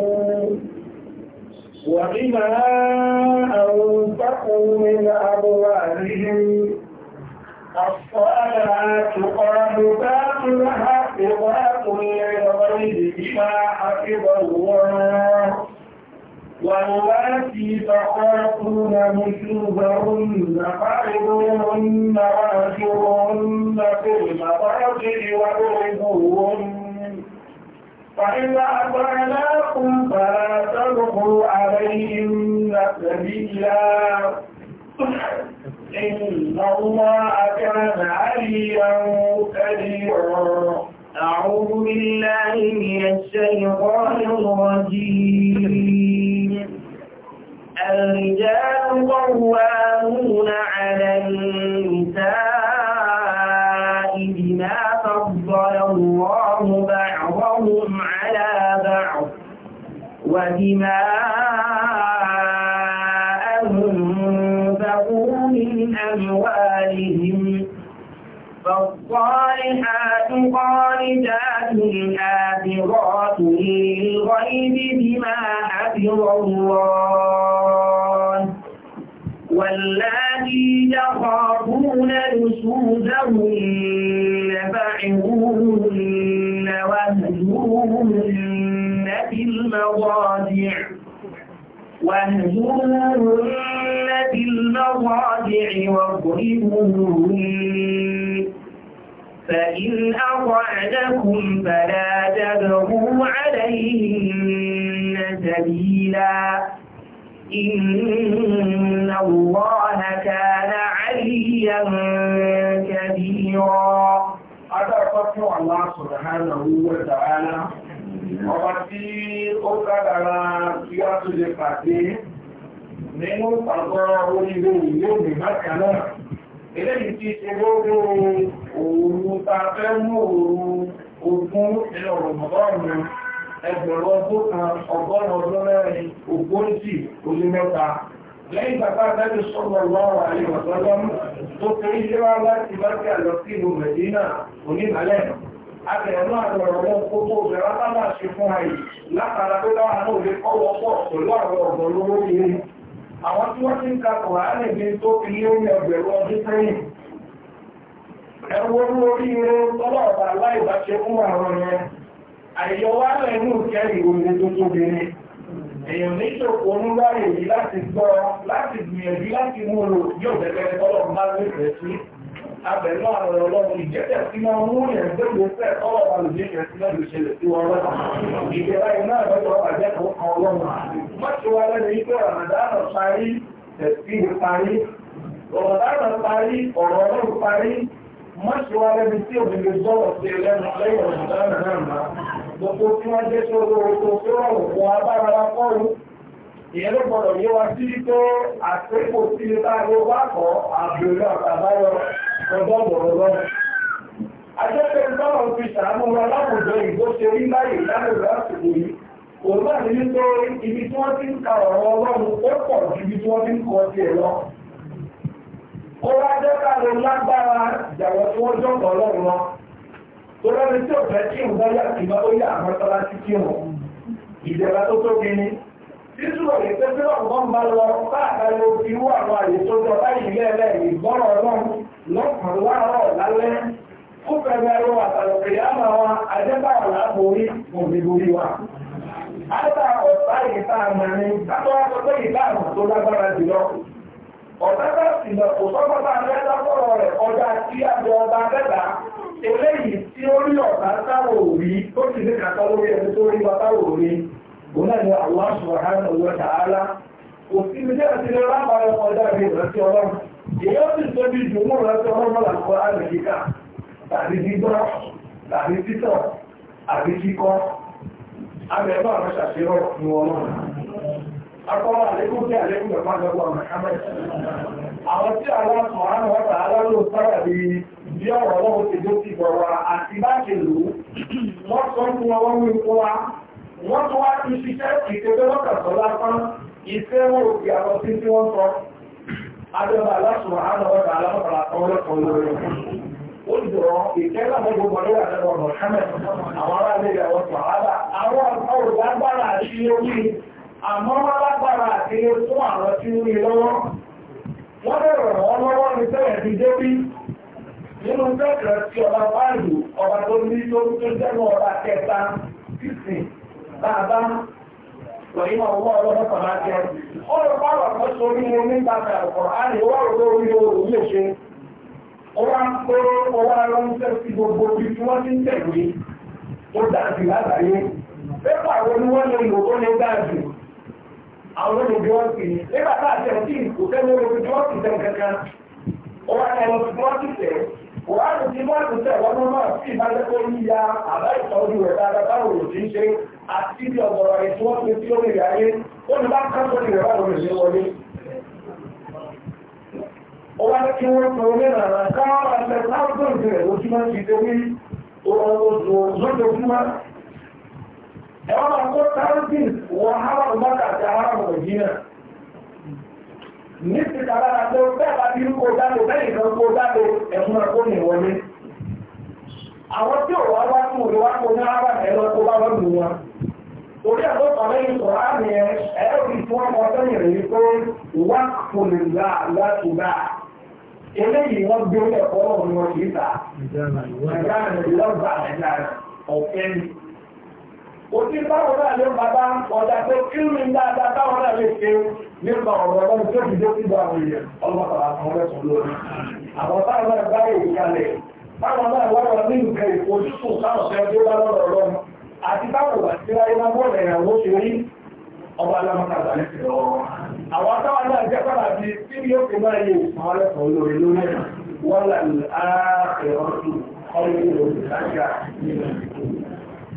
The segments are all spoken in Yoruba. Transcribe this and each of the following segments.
أنفقوا وبما أنفقوا من أموالهم الصالحات قانتات حافظات للغيب بما حفظ الله واللاتي تخافون نشوزهن فعظوهن واهجرهن في المضاجع واضربوهن فإذا أطعناكم فلا تبغوا عليهم سبيلا إن الله كان عليا كبيرا أعوذ بالله من الشيطان الرجيم الرجال قوامون على النساء بما فضل الله وبما أنفقوا من أموالهم فالصالحات قانتات آفرات للغيب بما حفظ الله واللاتي يخافون نشوزهن فعظوهن واهجوهن في المضاجع واهجرهن في المضاجع واضربوهن فإن أطعنكم فلا تبغوا عليهن سبيلا إن الله كان عليا كبيرا أتركت الله سبحانه وتعالى ọba tí ó kádàrà tí a tó lè pàdé nínú pàgọ́ orílẹ̀ ìlú òmìn bákan náà eléyìí ti ṣe gbogbo òòrùn ta fẹ́ mú òòrùn ogún nínú ọ̀rọ̀mọ̀lọ́rùn ẹgbẹ̀rún ọdún kan ọgọ́rùn ọdún mẹ́rin ogójì olú mẹ́ta lẹ́yìn bàbá àtẹ́jú sọ́gbọ̀ lọ́wọ́ àríwọ̀sọ́lọ́mù tó fẹ́ ilé wá láti bá abẹ̀rẹ̀ náà lọ̀rọ̀ wọn kó tó bẹ̀rẹ̀ sábà ṣe fún àyè látara pé láwọn náà lè kọ́wọ́ pọ̀ pẹ̀lú àwọn ọ̀dọ́ lówó kiri àwọn tí wọ́n ti ń ka kọ̀ọ̀rán ní tó fi lé ní ọgbẹ̀rún ọdún sẹ́yìn ẹwọ́n lórí ire tọ́lọ̀ ọ̀tà aláìbáṣe fún àwọn yẹn àyọwá lẹ́nu jẹ́ ìròyìn tó tóbi ni èèyàn ní ṣòkò onúgbà èyí láti gbọ́ láti gbìyànjú láti mú lò yóò bẹ̀rẹ̀ tọ́lọ̀ bá lè fẹ́ sí abẹ̀lú àwọn ọlọ́run ìjẹ́jẹ́ sí máa mú yẹn gbogbo fẹ́ ọwọ́ àwọn ìjẹ́jẹ́ sí lọ́dún ṣẹlẹ̀ sí wọn lọ́dún ìjẹ́ra iná àbẹ́jọ́ àjẹ́ kan kan ọlọ́run mọ́tí wa lẹ́nu yìí pé ramadan parí ẹ̀sí parí ramadan parí ọ̀rọ̀ ọlọ́run náà gbogbo tí wọ́n jẹ́ sọ́dọ̀ oko abára kọ́rù ìyẹn ló gbọdọ̀ yé wa sí pé àtẹ́kò sí ní táàgbó wá kọ́ àbúrò àtàbáyọ ọjọ́ ọ̀bọ̀rọ̀ lọ. Ajẹ́pẹ́ tọ́lọ̀ fi ṣàánú wa láwùjọ ìgbó ṣe rí láyè lálùrù àsìkò yìí. Kò náà ní wípé ibi tí wọ́n ti ń ka ọ̀rọ̀ ọlọ́run ó pọ̀ ju ibi tí wọ́n ti ń kọ sí ẹ̀ lọ. Ó wá jẹ́ ká lo lágbára ìjàwọ̀ tí wọ́n jọ̀kọ̀ ọlọ́run lọ. Tó tó tóbi Títù òye tó tí wọ́n wọ́n bá lọ káàkiri òfin wà lọ àyè tó jọ báyìí lẹ́ẹ̀lẹ́ ìgbọ́rọ̀ ọlọ́run lọ́kàn láàárọ̀ lálẹ́. Ó fẹ́rẹ̀ ẹ̀rọ àtàlùkì àmà wa àjẹ́bàwà láàbòrí òmìnirí wa. Àtà ọ̀tá ìta àmàrin tàbí ọ̀tọ́ ìta àmà tó lágbára jùlọ. Ọ̀tá bá sì lọ kò sọ́kọ́ bá mẹ́ta fọ́rọ̀ rẹ̀ ọjà tí Eléyìí tí ó rí ọ̀tá táwò rí, ó sì ní kàtà lórí ẹni tó rí wa táwò rí gbọ́nàdé Allah subhanahu wa ta'ala kò jẹ́ àti lè rábà ẹ̀kọ́ dáre ìrẹsì ọlọ́run èyí sì tóbi jù mú ìrẹsì ọlọ́run làkọ́ àrẹ̀kíkà tàbí gbígbọ́ tàbí títọ̀ àbí kíkọ́ abẹ́bà rẹ̀ ṣàṣírọ̀ ní ọlọ́run akọ́wọ́ àlékún tí àlékún ẹ̀fà gbogbo wọ́n tó wá ti ṣiṣẹ́ ìtẹ́gbẹ́ lọ́kàtọ̀ lápán iṣẹ́ wọ́n òkè àwọn tí tí wọ́n sọ adọ́bà aláṣùwà ánàwọ́dà alámọ̀bàlá kan lọ́kàn lórí ó dùrọ̀ ìkẹ́ láwọn gbogbo ọlọ́wà lẹ́wọ̀n mohammed àwọn ará ilé ìyàwó sọ̀hálà àwọn olùgbàgbára àti orí àmọ́ lágbára àti fún àwọn tí ó ní lọ́wọ́ wọ́n bẹ̀rẹ̀ wọ́n lọ́wọ́ ní sẹ́yẹ̀ ti dé bí nínú sẹ́kẹ̀rẹ̀ tí ọba fáìlù ọba tó ní tó jẹ́nu ọba kẹta bàbá pẹ̀lú ọwọ́ ọlọ́pọ̀ kọ̀lá jẹ́ ọ̀rọ̀ pàrọ̀ kan sórí ní nígbà àpọ̀ àrí wọ́rọ̀ tó rí oòrùn lè ṣe ó wá ń ọwọ́ sí gbogbo tí wọ́n ti ń tó pépà wo ni wọ́n lè lò lè àwọn nígbà tá Kùránù tí Mọ́ọ̀tù tẹ̀ wọnú náà sí ìbájẹ́kọ́ ya àbá ìtọ́jú rẹ̀ dáadáa báwo ló ń ṣe àti bí ọ̀gọ̀rọ̀ wọ́n fi tí ó lè ráyé ó ní bá ní rẹ̀ wọlé. Ó wá ní kí wọ́n tó ní ní ti tàbá ta pé bẹ́ẹ̀ bá bí kó dáko bẹ́ẹ̀ nìkan kó dáko ẹ̀fún ẹ̀kọ́ ní ìwọlé. Àwọn tí ò wá wá tún òde wá kó ní ara ẹ̀ lọ kó bá wọn lù wọn. Orí ẹ̀rọ pàmò yìí sọ̀rọ̀ àmì ẹ̀ ẹ̀rọ fi fún ọmọ sẹ́yìn rẹ̀ pé wá kò lè gbà láti gbà. Eléyìí wọ́n gbé ẹ̀kọ́ ọ̀hún wọn kì í ta. Ìjọba ìwọ́n gbà ọ̀fẹ́ ni òtí báwọn náà lè bàbá ọ̀dà pé kílùmí dáadáa báwọn náà lè ṣe nípa ọ̀rọ̀ ọlọ́run tó fi dé síbi àwọn èèyàn ọlọ́pàá àwọn ẹ̀sùn lórí àwọn táwọn náà bá èyí kalẹ̀ báwọn náà wọ́n ní nǹkan ìfojúsùn táwọn fẹ́ tó bá lọ́rọ̀ ọlọ́run àti báwọn wà sí láyé máa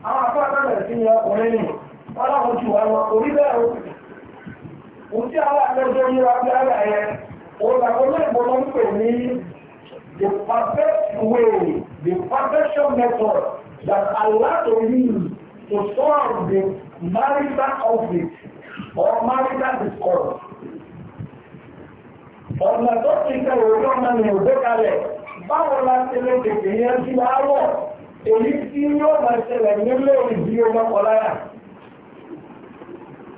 the perfect way the perfection method that allow to to solve the marital conflict or marital discord ọ̀nà tó ti tẹ̀ òun náà ni gbé kalẹ̀ báwo la ti tètè yẹn sí wàá èyí tí yóò máa ṣẹlẹ̀ nílé ìdí ọmọ ọláyà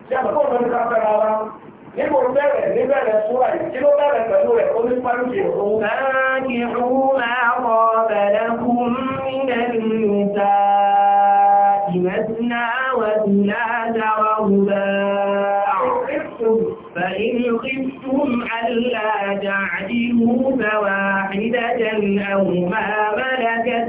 ṣe àkókò ọmọ nípa fẹ́ra wa nígbò bẹ̀rẹ̀ níbẹ̀rẹ̀ súra yìí kí ló bẹ̀rẹ̀ pẹ̀lú rẹ̀ ó ní pàrúkì òun. láàkì rúra wọ bẹ̀rẹ̀ kún nílẹ̀ níta ìmẹ̀sìnà wẹ̀sìnà dáwà wùdà. فإن خفتم ألا تعدلوا فواحدة أو ما ملكت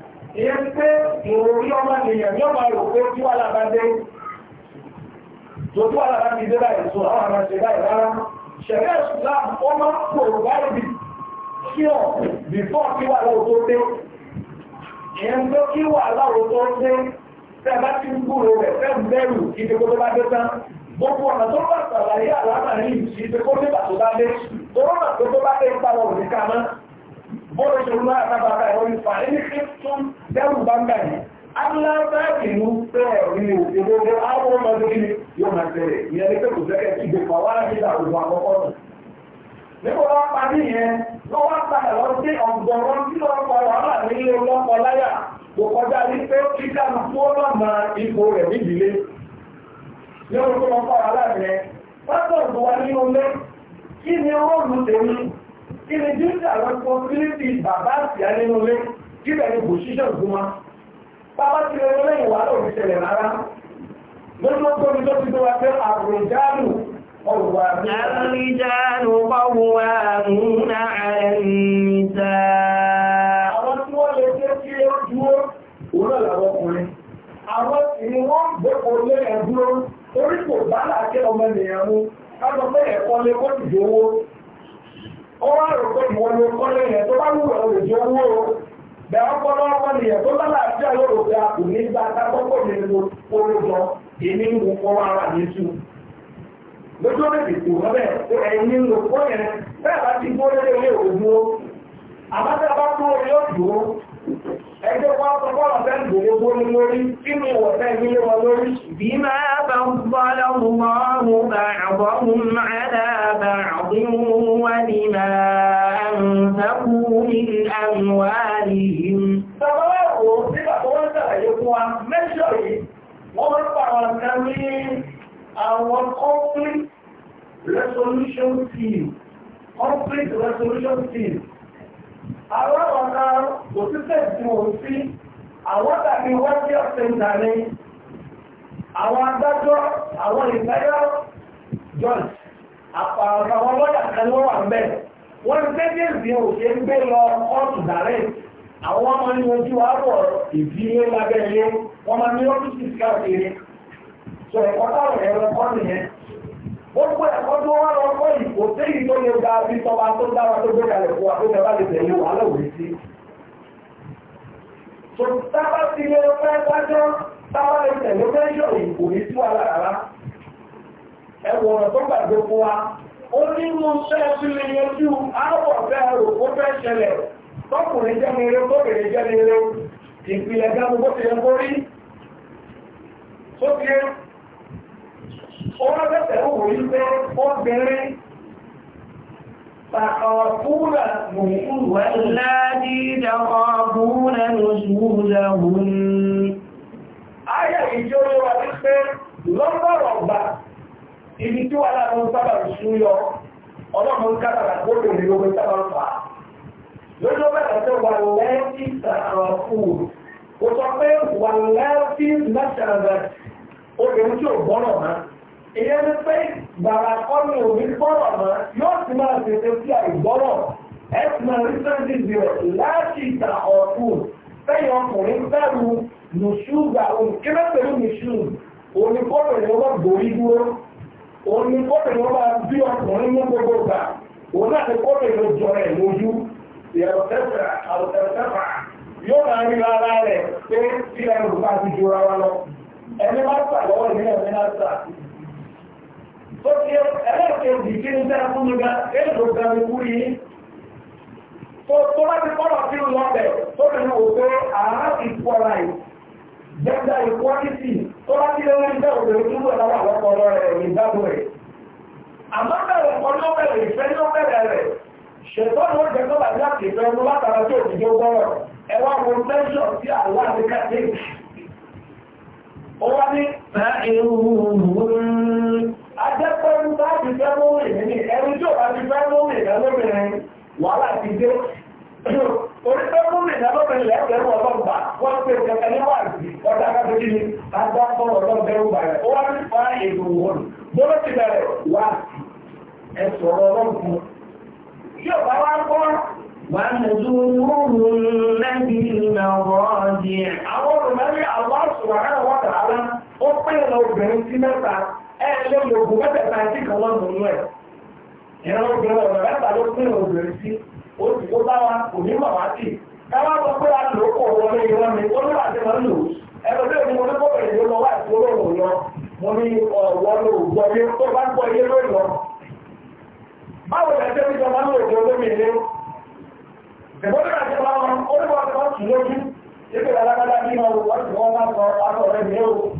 ìyẹ́ pé ìròrí ọmọ ènìyàn ní ọmọ ìròkó tí wà lábájẹ́ tó tó wà lábájẹ́ ìdẹ́bà ètò àwọn àmà ṣẹ̀dá ìrárá ṣẹ̀dá ìṣúlá ọmọ kò báyìí kí ọ̀ bìfọ́ kí wà láwọ́ tó dé ìyẹn tó kí wà láwọ́ tó dé fẹ́ bá ti ń gbúrò rẹ̀ fẹ́ bẹ̀rù kí ti kó tó bá dé tán gbogbo ọ̀nà tó bá sàlàyé àlámà ní ìṣ bọ́rọ̀ ìṣòro náà tábàtà ẹ̀rọ ìfà ẹni kíkún dẹ́rù bá ń gbàyìn aláàbáàkì ní bẹ́ẹ̀ rí ìgbogbo àwọn ọmọdé kí yóò máa tẹ̀lẹ̀ ìyẹn ní pé kò fẹ́kẹ́ sí ìgbèpà wá ní àwọn àkọ́kọ́ nù nípa wá parí yẹn wọ́n wá padà lọ sí ọ̀gbọ̀nrán tí wọ́n pa wàhálà nílé ọlọ́pọ̀ láyà kò kọjá ní pé kíkà ní kó lọ́mà ipò rẹ̀ nídìílé ní orúkọ wọn pa wàhálà yẹn pátọ̀ ìgbọ̀wá nínú lé kí ni ó rù tèmi kí ni jíjẹ àwọn pọ́pílítì bàbá àti ànínú lé jíjẹ ní kò ṣíṣẹ́ ògúnmá bàbá ti lè lọ lẹ́yìn wàhálà òní ṣẹlẹ̀ rárá lójú ó tóbi tó ti tó wa pé àrùjálù ọ̀rùwà bí. àrùjálù ọ̀rùwà múná àrẹ̀mìta. àwọn tí wọ́n lè ṣe kí ó dúró òun náà làwọn ọkùnrin àwọn ìní wọ́n gbẹ́kọ̀ọ́ lé ẹ̀dúró orí kò bá láàkẹ́ ọmọ ènìyàn mú ká lọ pé ẹ̀kọ́ lé kó ó wá rò pé ìwọ ló kọ́ lẹ́yìn tó bá wù ọ́ òjò owó o bẹ̀ ọpọlọ ọpọlọ yẹn tó bá láàbí àlọ́rò pé a kò ní gba akọ́kọ́ mi ní owó jọ èmi ń wọ ọwọ́ ara mi tú lójú méjì kò wọ́n bẹ́ẹ̀ pé ẹ̀yin ń lò kọ́ yẹn bẹ́ẹ̀ bá ti gbó lé Ẹgbẹ́ wọn sọ fọ́nà fẹ́ gbòrò gbórí lórí, kí ni ìwọ̀ fẹ́ nílé wọn lórí? Bí máa bá ń bọ́ lọ́rùn márùn-ún bá àbọ̀rún máa dábà àbúrún wá ní máa ń sákú ní àmúwárí yìí. Bàbá wà wò nígbà tó wọ́n resolution team. Conflict resolution team àwọn ọ̀nà òṣìṣẹ́ ìdìbò sí àwọn tàbí wọ́pẹ́ ọ̀sẹ̀ ìdàní àwọn adájọ́ àwọn ìgbáyà george àpàrọ̀ àwọn lọ́yà kan ni wọ́n wà ńbẹ̀ wọ́n ń tẹ́jẹ́ ìdìbò ṣe ń gbé lọ kóòtù dàrẹ́ àwọn ọmọ ní ojú àárọ̀ ìdílé lábẹ́ ilé wọ́n máa ní ọ́fíìsì káàkiri sọ ẹ̀kọ́ táwọn ẹ̀rọ kọ́ nìyẹn gbogbo ẹ̀kọ́ tó wá lọ fọ́ ìkò tí èyí tó yẹ ga bí tọba tó dára tó gbé kalẹ̀ fún wa tó lè tẹ̀lé wa lọ́wọ́ sí. tó tábà ti lè fẹ́ dájọ́ tábà lè tẹ̀lé fẹ́ṣọ̀ ìkò ní sí wa lára ẹ̀wọ̀n tó gbàgbé fún wa ó ní mú fẹ́ fi lè yanjú àwọ̀ fẹ́ rò ó fẹ́ ṣẹlẹ̀ tọkùnrin jẹ́ mi rẹ́ tóbìnrin jẹ́ mi rẹ́ ìpìlẹ̀ gbàgbó ti yẹ wọ́n bẹ̀rẹ̀ wò yí pé obìnrin فَخَافُونَ وَاللَّاتِي تَخَافُونَ نُشُوزَهُنَّ Ayé ìjọ́rọ̀ wà ní pé lọ́gbọ̀rọ̀ gbà ibi tí wà láàrin sábà ṣúyọ ọlọ́run kátàrà gbọ́dọ̀ ní gbogbo sábà fà á. Lójó bẹ̀rẹ̀ tó wà lẹ́ẹ̀tì sàrànfùn. Ó sọ pé wà lẹ́ẹ̀tì mẹ́sàrà obìnrin tí ò gbọ́rọ̀ náà ìyẹn ní pé gbàrà kọ́ni òbí gbọ́rọ̀ mọ́ yóò sì máa tètè sí àìgbọ́rọ̀ ẹ sì máa rí sẹ́ńdì zero láti ìta ọ̀tún sẹ́yìn ọkùnrin bẹ̀rù nùṣúgà òun kí ló pẹ̀lú nùṣú òun ni kọ́ni ni wọ́n gbòrí dúró òun ni kọ́ni ni wọ́n máa bí ọkùnrin ní gbogbo gbà òun náà ni kọ́ni ló jọ rẹ̀ lójú ìyàwó tẹ́fà àwọn tẹ́fà yóò máa rí ara Porque ela tem um pequeno telefone no lugar, ele jogando por aí. Tó bá ti kọ́rọ̀ sí lọ́bẹ̀ tó lè ní òpé àárá ti kọ́ra ì, jẹ́gbà ìkwọ́lítì tó bá ti lọ́wọ́ ìgbà òdò ìdúró ẹ̀láwà lọ́pọ̀ rẹ̀ ìgbàgbò rẹ̀. Àmọ́ bẹ̀rẹ̀ kan ló bẹ̀rẹ̀ ìfẹ́ ló bẹ̀rẹ̀ rẹ̀. Ṣètọ́ ló jẹ́ tó bá ti láti ìfẹ́ ọmọ látara tó òdìjó gbọ́rọ̀. Ẹ wá wo tẹ́ńṣọ̀ sí àwọn àdékà Ó wá ní, Adẹ́pẹ́rú bá ti fẹ́ mú rìn ní ẹrú tí ò bá ti fẹ́ mú rìn lọ́lọ́bìnrin wàhálà ti dé. Orí fẹ́ mú rìn lọ́lọ́bìnrin lẹ́ẹ̀kẹ́rú ọlọ́gbà wọ́n pè kẹta níwà sí ọ̀dà akábẹ́jì ni adápọ̀ ọlọ́bẹ̀rú bàrẹ̀. Ó wá ní fa èdè wọn. Bọ́lá ti bẹ̀rẹ̀ wá ẹ̀sọ̀ ọlọ́gbùn. Tí ò bá wá gbọ́ وَنُزُورُهُنَّ بِالْمَرَاجِعِ Àwọn olùmẹ́rin Allah Subhanahu wa ta'ala ó pè lọ obìnrin sí mẹ́ta ẹ̀ẹ́lẹ́ lògùn mẹ́tẹ̀ẹ̀ta sí kan ẹ̀ ìran obìnrin ọ̀nà mẹ́ta ló pín obìnrin sí ó sì tó bá wa kò màmá sí káwá sọ pé a lò wọlé ìwọ́n mi ó ní àti mọ́ lò ẹ̀rọ bẹ́ẹ̀ ni mo ní kọ́kọ́ ìlú lọ wá ìfowó òun lọ mo ní ọ̀wọ́ ló gbọ́ yé tó bá gbọ́ yé ló lọ. báwo lẹ ṣe ń sọ máa ń lò tó lómi ilé ìbọ́dọ̀ àti ọ̀la wọn ó ní wọn ti wọ́n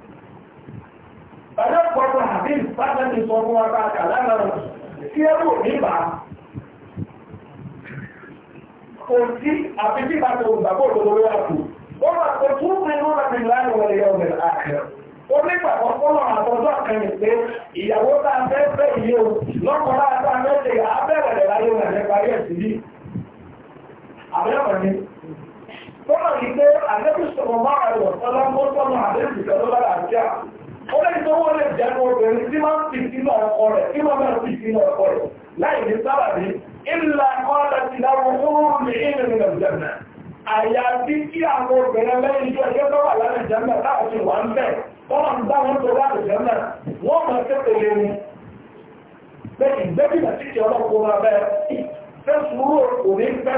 Ọlọ́pọ̀lọpọ̀ àbí ìfàdà ti sọ fún ọba àkàlára tí ẹrù níbà. Kò sí àfi bí bàtà òǹgbàgbọ́ òdòdó wà kù. Ó wà pé tún fi ń rà mí láàrin wọlé ọ̀gbẹ̀ àkẹ́. Ó nígbà kọ́kọ́lọ̀ àtọ́jọ́ kan ní pé ìyàwó tá a fẹ́ fẹ́ ìyé o, lọ́kọ̀ọ́ láti tá a fẹ́ ṣe àbẹ̀rẹ̀ rẹ̀ láyé wọn nípa ayé ó lè tó wọ́n lè jẹ́ ní obìnrin tí máa ń fi sínú ọkọ rẹ̀ tí máa máa fi sínú ọkọ rẹ̀ láì ní sábà ní ìlà ọ̀rọ̀ ti dáwọn oòrùn ní ìrìn ìrìnàjẹ̀mà àyàfi kí àwọn obìnrin lẹ́yìn iṣẹ́ ẹgbẹ́ tó wà lálẹ́ ìjẹ́mà láti wà ń bẹ̀ tọ́wọ́n bá wọn tó wà lẹ́jẹ̀mà wọ́n máa tẹ́tẹ̀ lé ní pé ìgbẹ́bìnà títí ọlọ́pọ̀ máa bẹ́ fẹ́ sùúrù òní fẹ́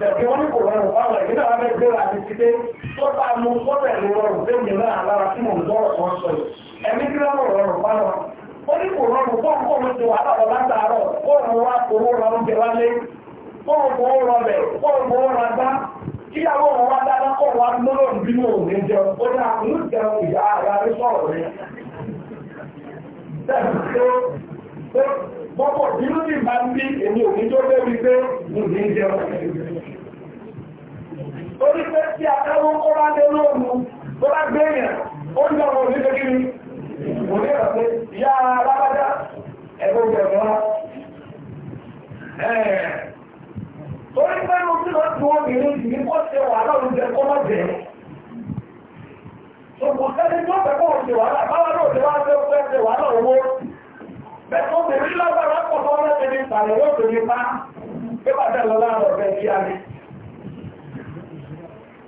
Bẹ̀rẹ̀ wọ́n ní kò rọrùn fáwọn ìgbésẹ̀ wọn fẹ́ gbéra àti ti dé tó bá mú sọ́bẹ̀ lè rọrùn pé mi náà lára tí mò ń gbọ́ ọ̀kan sọ yìí. Ẹ̀mí kí lọ́wọ́ rọrùn fáwọn. Ó ní kò rọrùn fóun kó mi ti wà lọ́wọ́ látàárọ̀ fóun wá owó rọ oúnjẹ wálé fóun kò rọ bẹ̀ fóun kò rọ gbá. Kíyàwó wọn wá dáná kó wá Bọ́pọ̀ bínú ti máa ń bí èmi òní tó dé wípé ní jẹun torí pé tí àtàwọn kọ́ bá dé lóòrùn tó bá gbé èèyàn ó ní ọmọ òní pé kí ni mo ní ọ̀rọ̀ pé ìyá alábájá ẹ̀kọ́ ìgbẹ̀rún wa torí pé mo ti lọ sí obìnrin yìí ní kó ṣe wàhálà oúnjẹ kó má jẹ ṣùgbọ́n sẹ́ni tó fẹ́ kó ṣe wàhálà báwa náà ṣe wá fẹ́ fẹ́ ṣe wàhálà owó bẹ́ẹ̀ tó bèrè lágbára pọ̀ tó wọ́n ní ìpàdé yóò ṣe pé bàtà lọ láàárọ̀ bẹ́ẹ̀ kí á ní.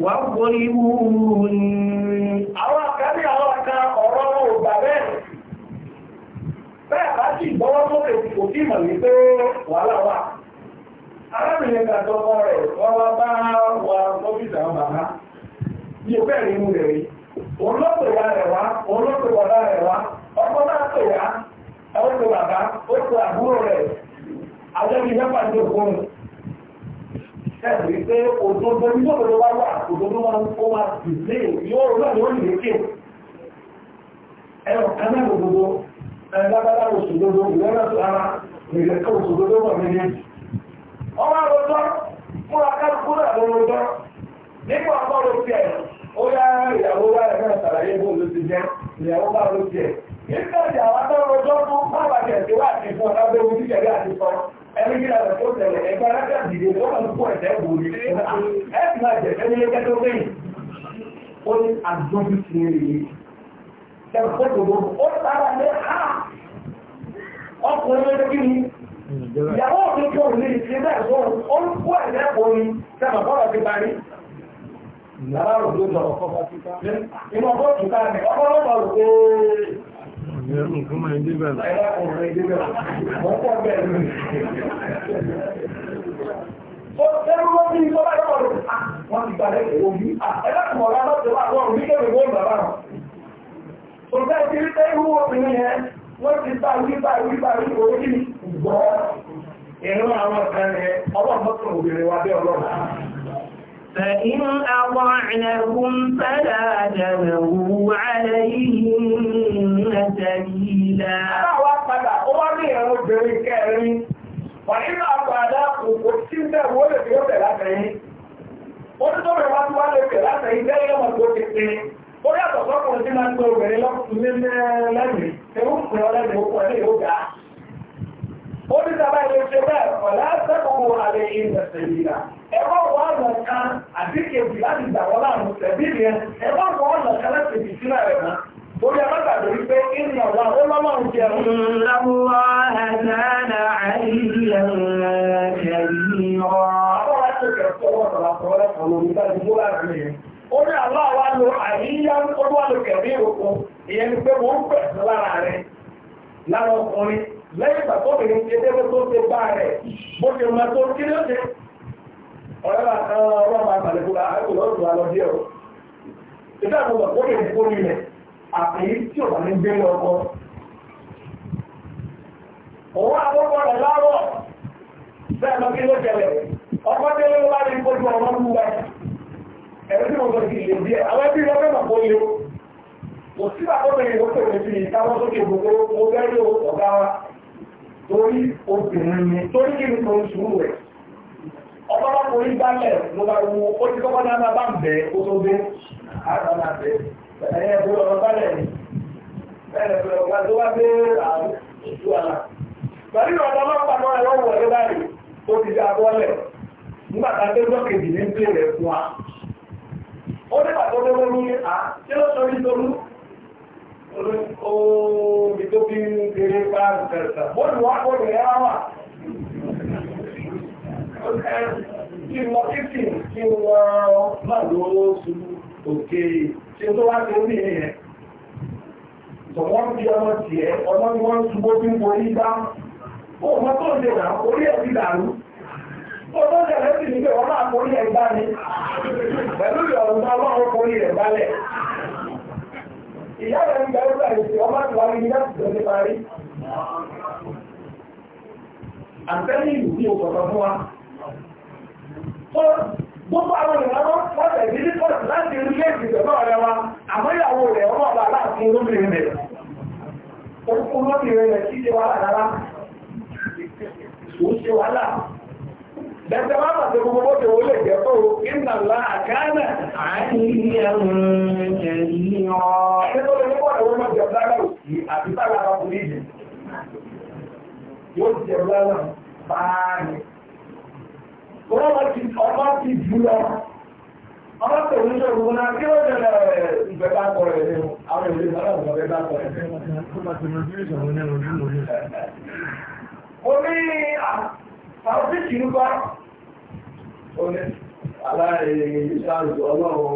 wà gbórí wúrú ní àwọn àkárí àwọn àká ọ̀rọ̀ ògbà bẹ́ẹ̀ bẹ́ẹ̀ bá sì gbọ́wọ́ sókè kò tí mọ̀ wípé wàhálà wà arábìnrin kàtọ́ ọmọ rẹ̀ wọ́n wá bá wa lọ́fíìsì àwọn bàbá bí o bẹ́ẹ̀ nínú rẹ̀ rí olóòpèwà rẹ̀ wá olóòpèwà bá rẹ̀ wá ọkọ náà pè wá ẹ̀rù wípé òdodo ní òdodo wá wà òdodo wọn ó máa dìde yóò rọ́ ní òní lékè ẹ̀rọ kan náà òdodo ẹ̀lábára òṣòdodo ìwọ́nà tó ara ìrẹ̀kẹ́ òṣòdodo wọ̀ mí ní. ọmọ àròjọ múra kálukú náà lórojọ nígbà ọmọ ló tiẹ̀ ó yá ìyàwó wá ẹ̀ náà sàlàyé bó ló ti jẹ́ ìyàwó bá ló tiẹ̀ nígbà ìyàwó ẹni kí lọ́wọ́ tó tẹ̀lé ẹgbẹ́ alága dìde lọ́wọ́ púpọ̀ ẹ̀tẹ́ wò ní ẹ̀ẹ́dì máa jẹ̀fẹ́ nílé kẹ́tọ́ bẹ́yìn ó ní àjọbí ti ń rí ẹ̀kọ́ tó gbogbo ó sára lé ha ọkùnrin lé kí ni ìyàwó mi kò ní ìṣe bẹ́ẹ̀ tó ó ń kó ẹ̀dẹ́ kò ní sẹ́mà bọ́lá ti parí. Nàbàrò ló jọ ọkọ̀ bá ti ká. Inú ọkọ̀ tù Nǹkan máa ń débẹ̀. Wọ́n pọ̀ bẹ́ẹ̀ ni. Ó tẹ́rù wọ́n bí ìjọba ìjọba rẹ̀. Wọ́n ti gbàlẹ̀ èrò bí. Ẹlẹ́kùnmọ̀ ọ̀gá náà tẹ́wà àwọn òbí kẹ́rù wọ́n bàbá rẹ̀. Òṣìṣẹ́ ti rí tẹ́rù obìnrin yẹn. Wọ́n ti bá wí bá wí bá wí orí kí gbọ́. Ìrún àwọn ọ̀sán yẹn, ọlọ́run mọ́tò obìnrin wa bẹ́ ọlọ́run. فإن أطعنكم فلا تبغوا عليهن سبيلا Wàníbà àpàdá òkò tí ń bẹ̀rù ó lè fi ó bẹ̀rẹ̀ látẹ̀yìn. Ó tí tó bẹ̀rẹ̀ wá tí wá lè bẹ̀rẹ̀ látẹ̀yìn bẹ́rẹ̀ lọ́mọ̀ tó ti Ó yàtọ̀ ó ní sábà ilé ṣe bẹ́ẹ̀ ọ̀lá sẹ́kọ̀ọ́ àlẹ́ ìṣẹ̀ sẹ́yìnà ẹ̀rọ wọn ọ̀nà kan àti láti gbà wọn láàmú sẹ́bí na ẹ̀rọ wọn ọ̀nà kan láti fi sínú rẹ̀ Orí ọ̀la ó lo àìyíyàn ó kẹ̀mí ìròkó. Ìyẹn ni pé mo ń pẹ̀sẹ̀ lára rẹ̀ lára ọkùnrin. lẹ́yìn ìgbà tó bèrè ẹgbẹ́ tó ṣe bá rẹ̀ bó ṣe máa tó kí ló ṣe ọ̀rẹ́ bá kan ọwọ́ máa tàlẹ́ fún àárẹ̀kù lọ́rùn tó lọ díẹ̀ o ìdá àgbọ̀gbọ̀ tó bèrè fún mi rẹ̀ àtẹ̀yí tí ò bá ní gbé lọ ọkọ òun àkọ́kọ́ rẹ̀ láwọ̀ bẹ́ẹ̀ lọ kí ló ṣẹlẹ̀ ọkọ́ tí ó bá rí kójú ọmọ mú wa ẹ̀rí tí mo sọ sí ilé díẹ̀ àwọn ẹbí rẹ̀ mẹ́mọ̀ kó lé kò sí àkọ́kọ́ yìí ló pè sí ìtawọ́ gbogbo mo fẹ́ rí ọ̀gá wa torí obìnrin ni torí kí ni kò ń sùúrù rẹ̀ ọ̀pọ̀lọpọ̀ orí gbálẹ̀ mo bá wo ó ti kọ́kọ́ náà bá ń bẹ̀ ó tó dé àgbàmà bẹ̀ ẹ̀yẹ ìbúrò ọ̀rọ̀ gbálẹ̀ ni bẹ́ẹ̀ bẹ̀rẹ̀ ọ̀gá tó wá dé àrùn ìtú àlà pẹ̀lú ọ̀dọ́ ọlọ́pàá náà ẹ̀rọ wọ̀ ẹ́ báyìí ó ti dá bọ́lẹ̀ nígbà tá a dé ní rẹ̀ fún wa ó dé pàtó ní à sọ ní tolú omi tó bí ń kéré bá ń tẹ̀sà bọ́ọ̀lù wá bọ́ọ̀lù ẹ̀ á wà kí n lọ kíkì kí n lọ má lówó su òkè tí tó wá tó ní ẹ̀ tọ̀wọ́n bí ọmọ tiẹ̀ ọmọ ni wọ́n ń subó bí ń borí bá ó mọ tó ń pé wọ́n máa borí ẹ̀ gbá ni pẹ̀lú ìrọ̀rùn bá wọ́n borí ẹ̀ gbálẹ̀ ìyá ń bẹ̀rù bẹ̀rù sí ọmọ àti wáyé ní láti jọ nípa Àtẹ́lì ìlú ní òkọ̀tọ̀ fún wa. Gbogbo àwọn ìrànlọ́wọ́ wọ́n tẹ̀lé ní pọ̀tù láti ilé ìgbìyànjú ọ̀rẹ́ wa, àmọ́ ìyàwó rẹ̀ ọmọ ọba aláàfin olóbìnrin rẹ̀. Orúkú olóbìnrin rẹ̀ kí ṣe wàhálà rárá. Kò ṣe wàhálà. Dẹ̀sẹ̀ máa bàtẹ̀ gbogbo bóde wo lè jẹ́ tó iná láàkánà àìyàn ẹ̀yìn ọ̀. Ṣé tó lè ní bọ́ọ̀dẹ̀ wọ́n máa jẹ́ lára òkè àti sára ọkùnrin yìí? Yóò jẹ́ lára báyìí. Wọ́n máa ti ọmọ ti jù lọ. Ọmọ tó ń lọ òun náà kí ó jẹ́ ìgbẹ́ bá kọ̀ rẹ̀ nínú àwọn ìwé ìgbàlá ìgbẹ́ bá kọ̀ rẹ̀ nínú. Ó máa ti mọ̀ sí ìṣòro ní fàáfíkìrúbá oní aláìsáàrùsọ ọlọ́run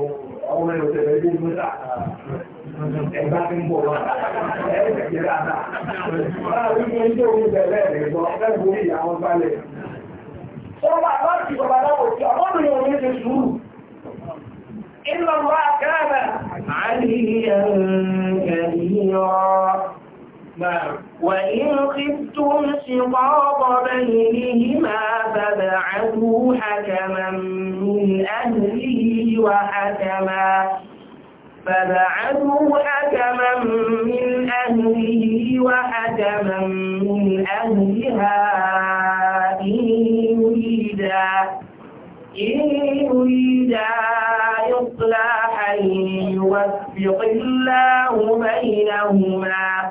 ọmọ ẹ̀rọ̀tẹ̀rẹ̀ ilé mẹ́ta ẹ̀gbá tí ń bọ̀ wá ẹ̀ẹ́dẹ̀kẹ́ dáadáa láàrin ọba ní inú ọmọ نعم. وإن خفتم شقاق بينهما فابعثوا حكما من أهله وحكما فبعثوا حكما من أهله وحكما من أهلها إن يريدا إن يريدا إصلاحا يوفق الله بينهما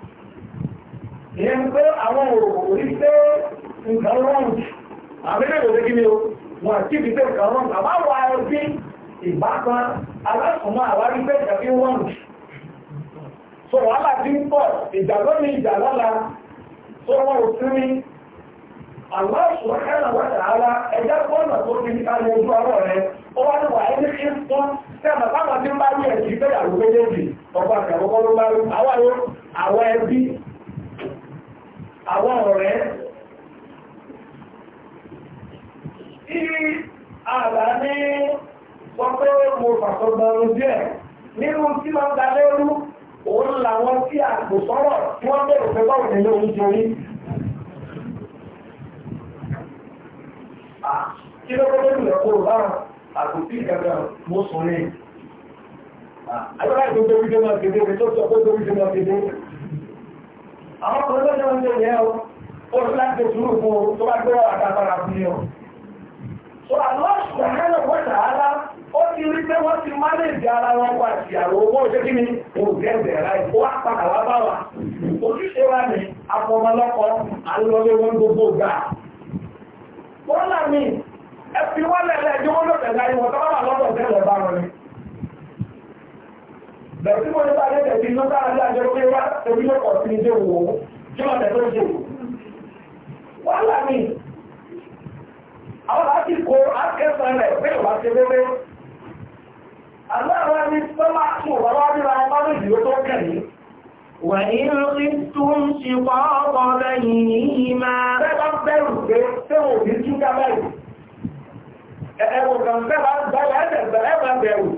ìyẹn pé àwọn òrí pé nǹkan rọrùn àbẹ́rẹ́ òde kí ni o wọ́n àti ibi pé nǹkan rọrùn àmá wà á sí ìbákan alásùnmọ́ àwárí pé tàbí rọrùn so wàhálà ti ń pọ̀ ìjàgbọ́n ni ìjà lọ́la tó wọ́n ò sí ní aláṣùwọ́ kánà wọ́n tààrà ẹjá gbọ́nà tó fi ní kálẹ̀ ojú ọwọ́ rẹ̀ ó wá ní wà ẹni kí ń tán tẹ́mà táwọn tí ń bá rí ẹ̀jì fẹ́yàwó méjèèjì ọgbà kẹ̀kọ́kọ́ ló bá rí àwọn ẹbí àwọn ọ̀rẹ́ tí ààlà ní pọ́pẹ́ mo fàtọ̀gbọ̀rún díẹ̀ nínú tí máa ń dalẹ́rú òun làwọn tí àpò sọ́rọ̀ tí wọ́n bẹ̀rù pé báwọn nílé oúnjẹ orí kí ló kọ́kọ́ ìlú ẹ̀kọ́ bá àkùtì ìkẹta mú sùn ní àyọ́ká ìgbẹ́gbẹ́ máa kéde tó sọ pé tó máa kéde àwọn ọkùnrin lọ́jọ́ ń lè yẹ o ó rí láti sùúrù fún o tó bá gbé wà látara fún yẹ o. so àwọn ṣùgbọ́n wọ́n sàárá ó ti rí pé wọ́n ti máa lè di ara wọn wá sí àwọn owó ìṣẹ́ kí ni òbẹ̀ẹ̀bẹ̀ ara ìkó wá padà wá bá wa ojúṣe wa ní afọmọlọ́kọ alọ́lé wọn gbogbo gbà. wọ́n là mí ẹ fi wọ́n lẹ̀ lẹ́jọ́ wọ́n lọ́tẹ̀ láyé wọn tọ́ bẹ̀rẹ̀ tí mo ní sáré tẹ̀sí iná sára ní àjọ pé wá ebi ló kọ̀ sí ní ṣe wò ó kí wọ́n tẹ̀sí ṣe wọ́n là mí àwọn láti kó akẹ́sàn rẹ̀ pé ìwà ṣe dédé àlọ́ àwọn ẹni sọ́mà tí ò bá wá ríra ọmọ méjì ó tó kẹ̀ ní وإن خفتم شقاق بينهما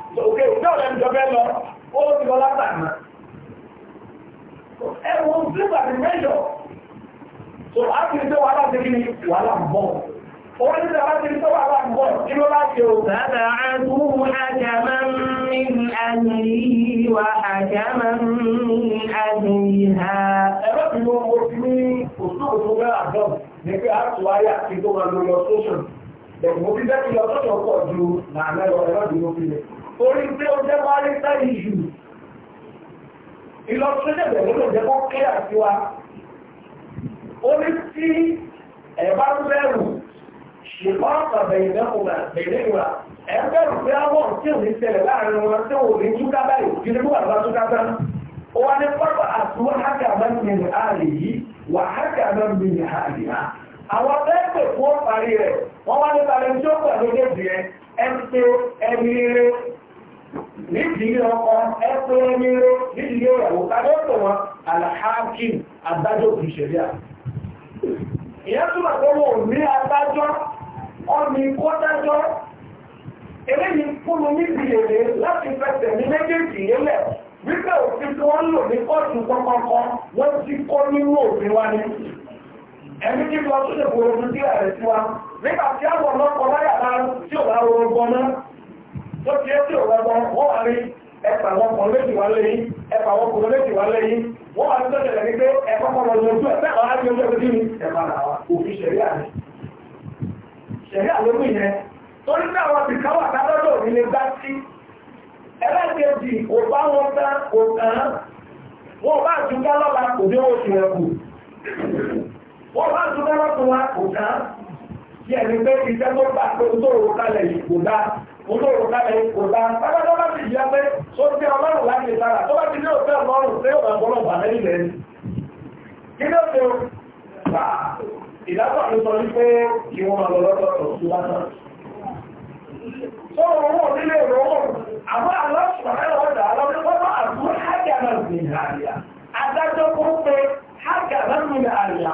òkè òkè ọ̀rẹ́ ń jọbẹ́ lọ ó ti lọ látàmà ẹwọ flip and measure so a ti tó wàhálà ti kí wàhálà ń bọ̀ owó ti tó ti tó wàhálà ń bọ̀ kí ló láti o. bàbá àdúgbò àjàmá mi àjàmá mi ha. ẹ̀rọ ti mọ ní àjọ ní pé a tún ayé àti tó wà lórí bẹ̀rù mo fi torí pé ó jẹ́ marital issue illustrated bẹ̀rẹ̀ ló jẹ́ kó clear wa ó ní tí ẹ̀ ń bẹ̀rù ṣùgbọ́n ìwà àwọn tí ní láàrin ọ̀parí rẹ̀ wọ́n wá ní balẹ̀ tí ó pẹ̀lú nídìí ọkọ ẹ̀kọ́ ẹ̀míró nídìí ìyàwó tàbí ọ̀pọ̀ wọn alhakim adájọ́ òfin ṣẹlẹ̀ à. ìyẹn túmọ̀ pé adájọ́ láti fẹsẹ̀ ní méjèèjì yẹlẹ̀ wípé òfin tí wọ́n lò ní wọ́n ti nínú òfin wa ni ẹni tí wọ́n tún lè sí wa nígbà tó ti ẹ́ tí ò gbogbo wọ́n wà rí ẹ̀pà àwọn méjì wá lẹ́yìn ẹ̀pà àwọn méjì wá lẹ́yìn wọ́n wà ní tó ṣẹlẹ̀ pé ẹ̀pà kọ́kọ́ lọ lójú ẹ̀pẹ́ àwọn àti ojú ẹ̀pà òfin ṣẹ̀rí àmì ṣẹ̀rí àlógún yẹn torí pé àwọn ti káwà tábọ́dọ̀ ní lè bá sí ẹlẹ́gẹ̀ẹ́jì kò bá wọn bá kò kàn bá jùgbá lọ́la kò ní oṣù rẹ̀ kù wọ́n bá jùgbá lọ́tún kò kàn án yẹ̀ni pé iṣẹ́ tó bá pé tó rò kalẹ̀ yìí kò dáa olóòrò lábẹ́ ipò dáa tábàtà bá ti yá pé tó ń tẹ ọlọ́run láti sára tó bá ti ní òfẹ́ ọlọ́run pé ọ̀gá gbọ́dọ̀ bà lẹ́yìn rẹ̀ kí ló ṣe o gbà ìdájọ́ ló sọ wípé kí wọ́n máa lọ lọ́dọ̀ sí lásán tó owó nílé ìrọ̀wọ́ àmọ́ aláṣùmọ̀lẹ́ ọ̀dà alọ́dẹ́gbọ́n àdúrà ágàmà gbìyànjú àríyá adájọ́ kó pé ágàmà gbìyànjú àríyá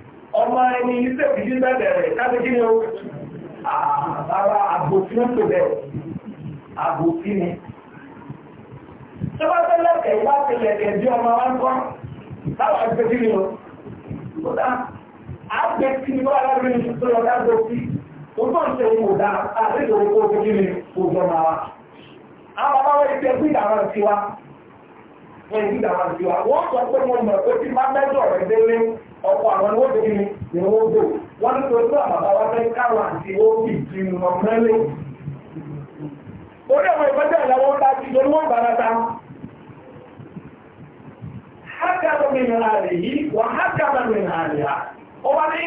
ọmọ ẹni ilé ìdí bẹ̀rẹ̀ káàkiri kí ni ó àbára àbòsí ń tò bẹ̀rẹ̀ àbòsí ni tọ́bá tẹ́lẹ̀kẹ̀ ìwá tẹ́lẹ̀kẹ̀ bí ọmọ wa ń kọ́ táwọn ẹgbẹ́ kí ni ó kódà àgbẹ̀ kí ni wọ́n alábẹ́ ní tó lọ dágbó sí tó tó ń ṣe ìwò dá àtẹ́jọ owó kó kí ni kò jọ máa wa àwọn ọmọ wọn ti ẹgbẹ́ ìdàwọn tiwa wọ́n ìdàwọn tiwa wọ́n sọ pé mo mọ̀ pé tí má mẹ́jọ ọ̀pọ̀ àwọn owó ní ìwọ̀n ababa wọ́n ní pẹ̀lú àbàbà wá fẹ́ káwọn àti owó bì ti nà mẹ́lẹ̀. orí ha.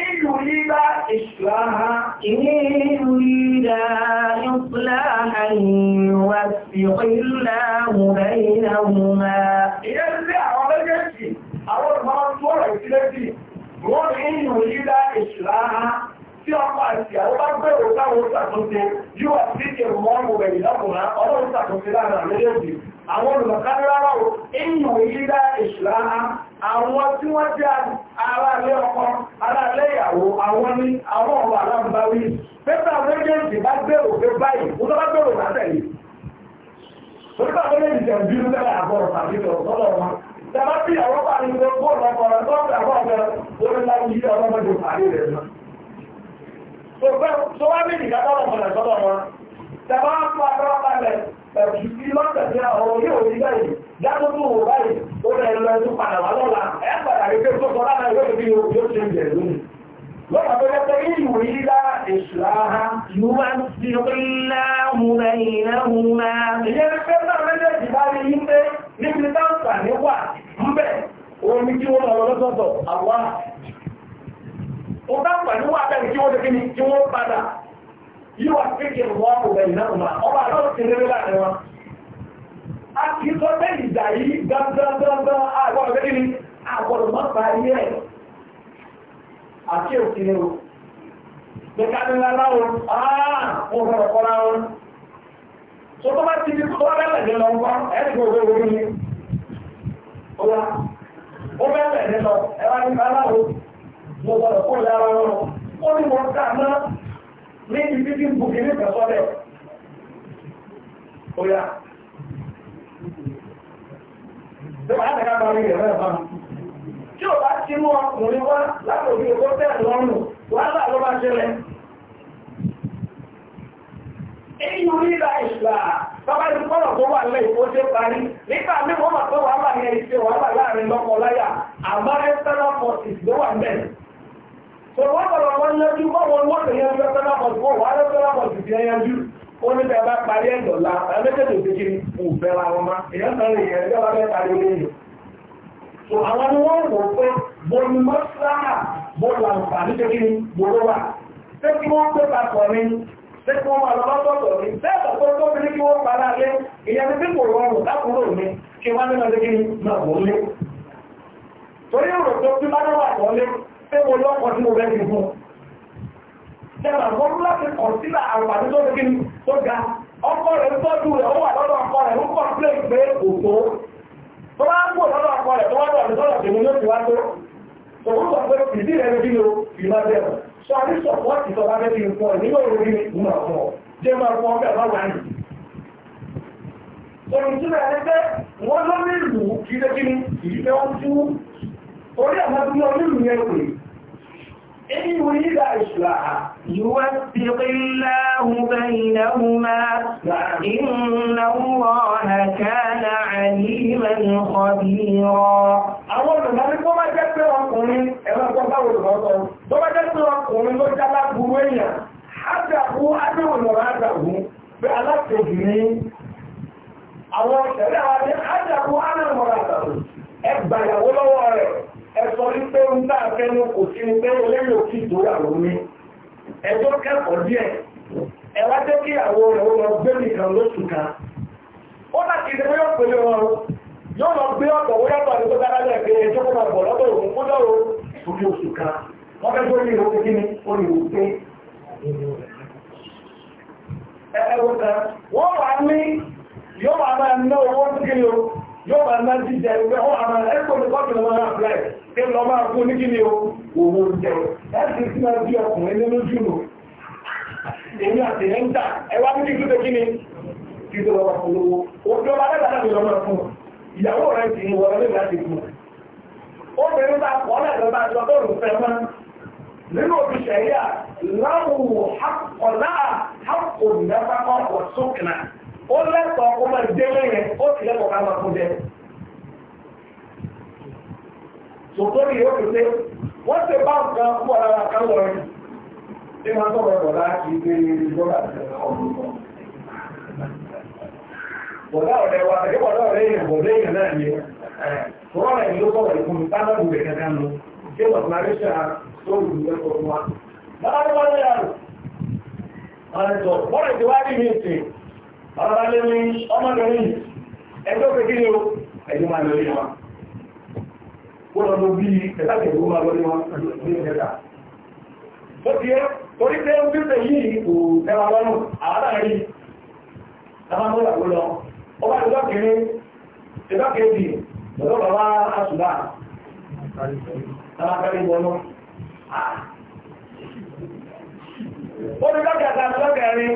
ìlú lílá ha. ìlú lílá ìṣúláha sí ìlà òun sí àwọn ìmọ̀ wọ́n ní ìlú lílá ìṣìláha tí ọkọ àti àwọn bá gbẹ̀rọ táwọn ṣàtúnṣe yóò àti ìrù mọ́rù rẹ̀ ìlọ́kùnrin ọlọ́run ṣàtúnṣe láàrin àmẹ́lẹ́bì àwọn olùmọ̀kánlára ò ìlú lílá ìṣìláha àwọn tí wọ́n jẹ́ aráalé ọkọ aráalé ìyàwó àwọn ní àwọn ọ̀rọ̀ alámbáwí pépà méjèèjì bá gbèrò pé báyìí ó tọ́ bá gbèrò látẹ̀lé Tẹ̀lá àwọn bá ní gbogbo ọ̀pọ̀lọpọ̀ lọ́pọ̀ àwọn ọ̀gá orí láti yí ọmọ mọ́jú pàdé rẹ̀ náà. Tó wá ní ìgbàgbọ́ ọ̀pọ̀lọpọ̀ sọ́dọ̀ wọn, tẹ̀lá ń pa ọ̀pọ̀lọpọ̀ rẹ̀ lọ ẹ̀tún padà wá lọ́la, yóò rí yí pé ńbẹ̀ omi kí wọ́n lọ lọ́sọ̀tọ̀ àwa ó bá pẹ̀lú wà bẹ́ẹ̀ kí wọ́n ṣe kíni kí wọ́n padà yíwa kéèké wọ́n kò bẹ̀rẹ̀ náà mà ọba àlọ́ ti rẹ́rẹ́ láàrin wa a kì í sọ pé ìjà yìí gángangangán àgbọ̀dọ̀ bẹ́ẹ̀ kíni àgbọ̀dọ̀ má pa ayé ẹ̀ àti òkè ni o gbẹ̀ka ní lára o áá mo fọ̀rọ̀ kọ́ra o tó tó bá ti di tó wá bẹ́ẹ̀ lẹ́yìn lọ́wọ́ ẹ̀ẹ́dẹ̀gbẹ̀ òwe òwe ni ọlá ó bẹ́ẹ̀ bẹ̀rẹ̀ lọ ẹwà nípa aláwo mo gbọdọ̀ kó lára wọn ó ní wọn ká ná ní ibi tí ń bu kiri kẹsọ bẹ ọlá tí wàá tẹ̀ka bá rí rẹ̀ rẹ̀ bá tí o bá ti mú ọkùnrin wá láti òbí ìkó tẹ̀ lọ́rùn wàhálà ló bá Èyí ń rí ìṣlá bàbá ní kọ́nà tó wà lẹ́yìn tó ṣe parí nígbà mí wọ́n mọ̀ pé wàhálà yẹn ṣe wàhálà láàrin lọ́kọ láyà àmọ́ external forces ló wà mẹ́rin tó wọ́n bọ̀rọ̀ wọn yanjú bọ́wọ́n wọ́n lè yanjú external forces wọ́n wà external forces yẹn yanjú ó ní bẹ́ẹ̀ bá parí ẹ̀ lọ́la ẹ̀ méjèèjì òfin kiri kò fẹ́ ra wọn má èèyàn kan lè yẹn ẹgbẹ́ bá fẹ́ parí ó léyìn so àwọn ni wọ́n wò pé bọ́ọ̀lù mọ́sáà bọ́ọ̀lù àǹfààní kékeré gbòòrò wà pé kí wọ́n pé papọ̀ ni lẹ́kùn wọn máa lọ sọ́tọ̀ mi bẹ́ẹ̀ tọ́tọ́ tó fi ní kí wọ́n para lé ìyẹn tí kò rọrùn lákùúrò mi kí wọ́n ní ọdún kí máa wọ́n lé torí òrò tó tí bá náwà wọ́n lé pé mo lọ́kọ̀ tí mo bẹ́ ti fún jẹ́mà wọ́n mú láti kọ̀ sílà àrùbàdí tó kí tó ga ọkọ̀ rẹ̀ ń tọ́jú rẹ̀ ó wà lọ́dọ̀ ọkọ̀ rẹ̀ ń kọ̀ sílẹ̀ pé kò tó tó bá ń pò lọ́dọ̀ ọkọ̀ rẹ̀ tó wá lọ́dọ̀ ọ̀dọ̀ tèmi ló ti wá tó òun sọ pé ìdí rẹ̀ ní kí ni o ìmọ̀ sọ àdéṣọ wọ́n ti sọ bá fẹ́ bí nǹkan ẹ̀ nígbà òru ní ìmọ̀ ọ̀fọ̀ jẹ́ máa fọ́ ọ́n bẹ́ẹ̀ bá wà ní. Òyìn tí bẹ̀rẹ̀ pé wọ́n ló nílùú kí lé kí ni ìfẹ́ wọn tú orí àwọn ọdún yẹn إن يريد إصلاحا يوفق الله بينهما وإن الله كان عليما خبيرا àwọn olùmọ́bí tó bá jẹ́ pé ọkùnrin ẹ̀rọ̀kọ́ báwo lọ́tọ́ tó bá jẹ́ pé ọkùnrin ló jábá burú èèyàn pé ní àwọn ẹgbàyàwó lọ́wọ́ rẹ̀ ẹ̀sọ́ wípé ń bá akẹ́nu kò sí pé olóyìn òkú ìgbéyàwó mi ẹjọ́ kẹ́kọ̀ọ́ díẹ̀ ẹ wá jẹ́ kí àwọn rẹ̀ ó lọ gbé nìkan lóṣù kan ó láti ṣe pé yóò pèlè wọn yóò lọ gbé ọ̀tọ̀ wọ́n yàtọ̀ àti tó dára lẹ̀ pé ẹjọ́ kó máa bọ̀ lọ́dọ̀ òun kó dọ̀rọ̀ torí oṣù kan wọ́n fẹ́ tó ní ìlú pé kíni ó lè wò pé ẹ̀ẹ́wọ̀n kan wọ́n wà ní yóò wà máa ná owó kíni o yóò máa ná jíjẹ ìwé ọ́ àmà ẹ́kọ́ ní kọ́tù wọn àpẹẹ kí lọ máa kú ní kí ni o owó jẹ ẹ̀sì sí máa bí ọkùnrin nínú jù lò èmi àti ẹ̀ ń dà ẹwà ní kíkú tó kí ni kí tó lọ́wọ́ fún lówó ojú ọba dẹ́gbà láti lọ́mọ fún ìyàwó rẹ̀ ti ń wọlé láti fún obìnrin bá kọ́ lẹ́gbẹ̀ẹ́ bá jọ bọ́ọ̀lù fẹ́ mọ́ nínú òbí ṣẹ̀yà láwùwọ̀ ọ̀lá àkọ̀lá ó lẹ́tọ̀ọ́ kó máa délé yẹn ó sì lẹ́tọ̀ọ́ ká máa kó jẹ. sòtórí yóò fi pé wọ́n ti bá nǹkan fún ọ̀la ká lọ rẹ̀ ní máa tọ̀rọ̀ ẹ̀rọ láti gbé ìjọba bọ̀dá ọ̀rẹ́ wa àti bọ̀dá ọ̀rẹ́ yẹn bọ̀dá yẹn náà yẹ tọ́rọ̀ rẹ̀ ló sọ̀rọ̀ ìkùn mi ọ̀rọ̀ alẹ́ ní ọmọdéyìn ẹgbẹ́ òkè kí ni ó ẹ̀yìn máa lórí wọn ó lọ lọ bí ẹ̀sàkẹ̀lú máa lórí wọn ní ìjẹta ó ti yẹ torí pé ó bíbẹ̀ yìí kò tẹ́wà lọ́nù àárín tàbátọ́lá kó lọ ó bá ìjọ kéré ìjọ kéèdì lọ́dọ̀ bàbá àṣùgbà tàbátọ́lá ìbọnú ó ti lọ́kẹ̀ẹ́ta lọ́kẹ̀ẹ́rin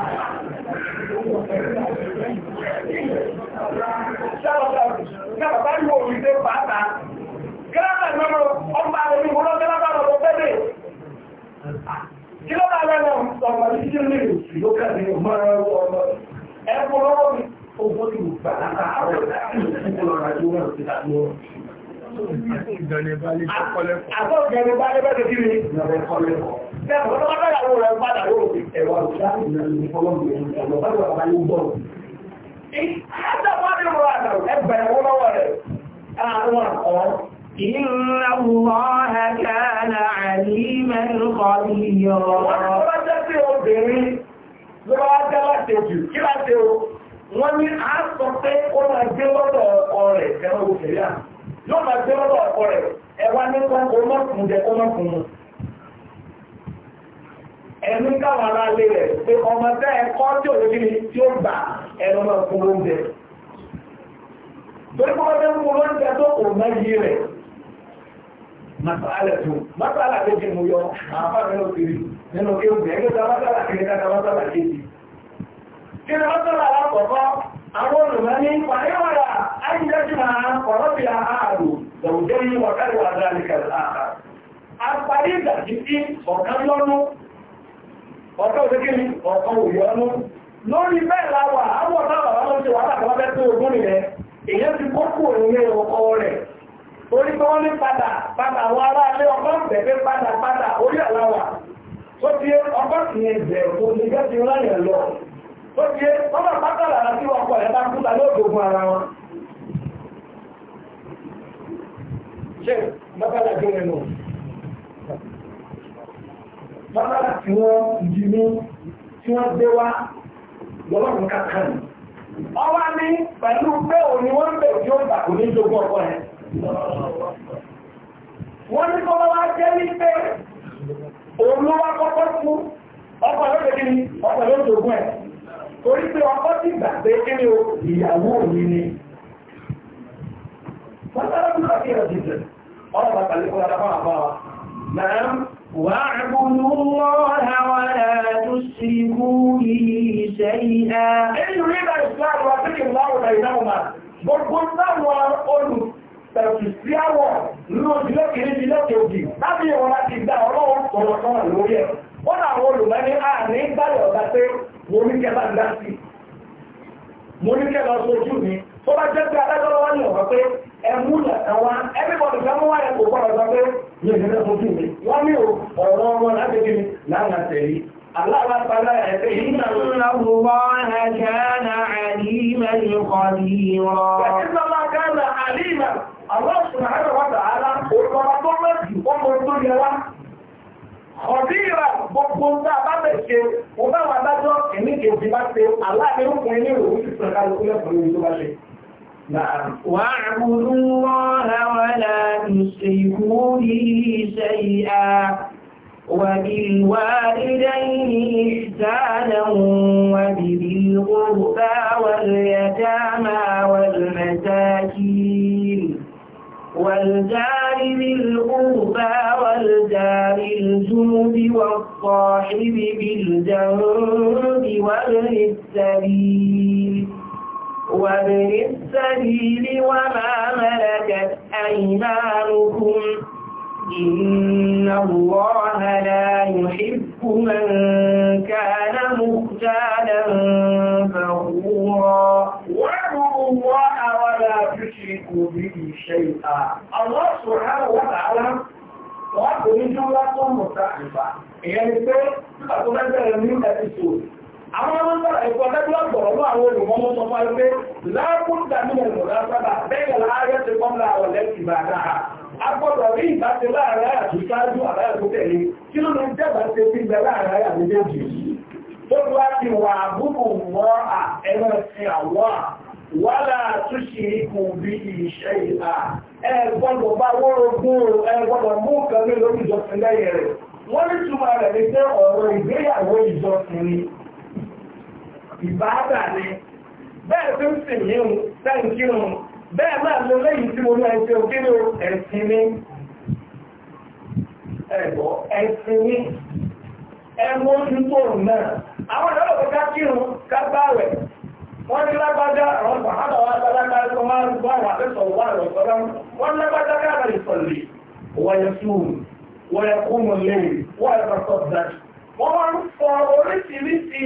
Gábàbá yóò rí dé bàtà. Gẹ́lábà lọ́nà ọmọ àwọn olùgbòrò gẹ́lábà lọ́nà pẹ́lẹ̀. Kí ló bá lọ́nà ọmọ ìdí ní ìrìnsì ló kẹ́lẹ̀ ọmọ ọmọ ẹgbùn lọ́wọ́ mi, ó gbọ́dọ̀ gbà látàárọ̀ Inna Allah kana aliman khabira. Wọ́n wọ́n ni a sọ pé ó máa gbé lọ́dọ̀ ọ̀rẹ̀ ẹ̀rọ òṣèlú yóò máa gbé lọ́dọ̀ ọkọ rẹ̀ ẹ wá ní kọ́ńkọ́ mọ́kùn jẹ kó mọ́kùn mu. ẹni káwọn ará lé rẹ̀ pé ọmọ tẹ́ ẹ kọ́ tí òun kiri tí ó gbà ẹnu máa fún oúnjẹ. torí kọ́kọ́ tẹ́ ń fún oúnjẹ tó kò mọ iye rẹ̀. Masala tó, masala tó ti mú yọ, àáfà nínú kiri, nínú kí o bẹ̀rẹ̀ nígbà masala kiri nígbà masala kejì. Kí ni masala alákọ̀ọ́kọ́? Àwọn olùmọ̀ ní pàdé wàrà أن يجمع ورفع أحد زوجين وكرر ذلك الآخر àparídà títí ọ̀kan lọ́nú ọ̀kan òṣèkìrí ọ̀kan òyọ́nú lórí bẹ́ẹ̀ láwà àwọn tábàbà wà látàbàbẹ́ tó ogún rẹ̀ èyàn ọkọ tó wọ́n ní wọ́n ará bẹ̀bẹ̀ orí àláwà ti tó ní lọ ti ọkọ̀ ẹ̀ bá kúta ṣe mọ́kànlá jẹ́ ẹnu mọ́kànlá tí wọ́n yí ní tí wọ́n gbé wá lọ́lọ́run kankan ọwá ní pẹ̀lú pé òní wọ́n bẹ̀ tí ó gbà kò ní jogún ọkọ rẹ̀ wọ́n ní kọ́ wá jẹ́ ní pé òun ló wá kọ́kọ́ fún ọkọ ló lè kí ló jogún ẹ̀ torí pé ọkọ ti gbà pé kí ni ìyàwó òní ni فالأرض خطيرة جدا الله تعليق ولا بعض نعم واعبدوا الله ولا تشركوا به شيئا إن يريد الإسلام وفق الله بينهما gbogbo àwọn olùtẹ̀sìsí àwọ̀ nínú ìjìlẹ̀ kìí ìjìlẹ̀ kìí láti ìwọ̀n láti mo ní kẹba ń dá mi tó bá jẹ́ pé adájọ́ lọ́wọ́ ní ọ̀rọ̀ pé ẹmú lẹ̀kan everybody fẹ́ wáyé kò gbọ́dọ̀ sọ pé yóò fún kí ní o láti kí aláàbá gbogbo a bá lè ẹ̀mí bá ṣe ìròyìn نعم. واعبدوا الله ولا تشركوا به شيئا وبالوالدين إحسانا وبذي القربى واليتامى والمساكين والجار ذي القربى والجار الجنب والصاحب بالجنب وابن السبيل وابن السبيل وما ملكت أيمانكم إن الله لا يحب من كان مختالا فخورا واعبدوا الله ولا تشركوا به شيئا الله سبحانه وتعالى من لكم مستحفا يعني كيف أتمنى لم أبي سوري àwọn ọmọ ẹ̀kọ́ lẹ́gbẹ́ ọ̀gbọ̀rọ̀ lọ àwọn olùmọ́mọ́ sọ fún ẹgbẹ́ láàpùtà nínú ìmọ̀lá sábà bẹ́ẹ̀ láàárẹ̀ ti kọ́ ńlá àwọn lẹ́sìn bá dáa agbọ́dọ̀ rí ìbáṣe láàárẹ̀ àtúnṣáájú àbáyàtútẹ̀lé kí ló ló ń jẹ́bà ṣe sí ilẹ̀ láàárẹ̀ àmìlẹ́jì tó tó wá ti wà búbù mọ́ ẹ̀rọ ti àwọ́ wàlá àtúnṣe ikùn bí iṣẹ́ ìlà ẹ gbọ́dọ̀ bá wórogún ẹ gbọ́dọ̀ mú nǹkan ní lórí ìjọsìn lẹ́yìn rẹ̀ wọ́n ní túmọ̀ rẹ̀ ní pé ọ̀rọ̀ ìgbéyàwó ìjọsìn ni ìbáàbà ni bẹ́ẹ̀ tó ń sì ní un sáǹkírun bẹ́ẹ̀ máa lọ lẹ́yìn tí mo máa ṣe òkè ní ẹ̀sìn ní ẹ̀bọ̀ ẹ̀sìn ní ẹmú nípò náà àwọn ìdáwọ̀ tó ká kírun ká gbáwẹ̀ wọ́n ní lágbájá àwọn sàhánà wa sálágbá tó máa ń gbọ́ àwọn àfẹ́sọ̀ wà lọ sọ́dọ́ wọ́n lágbájá káàbà ìsọ̀lẹ̀ wọ́n ń fọ oríṣiríṣi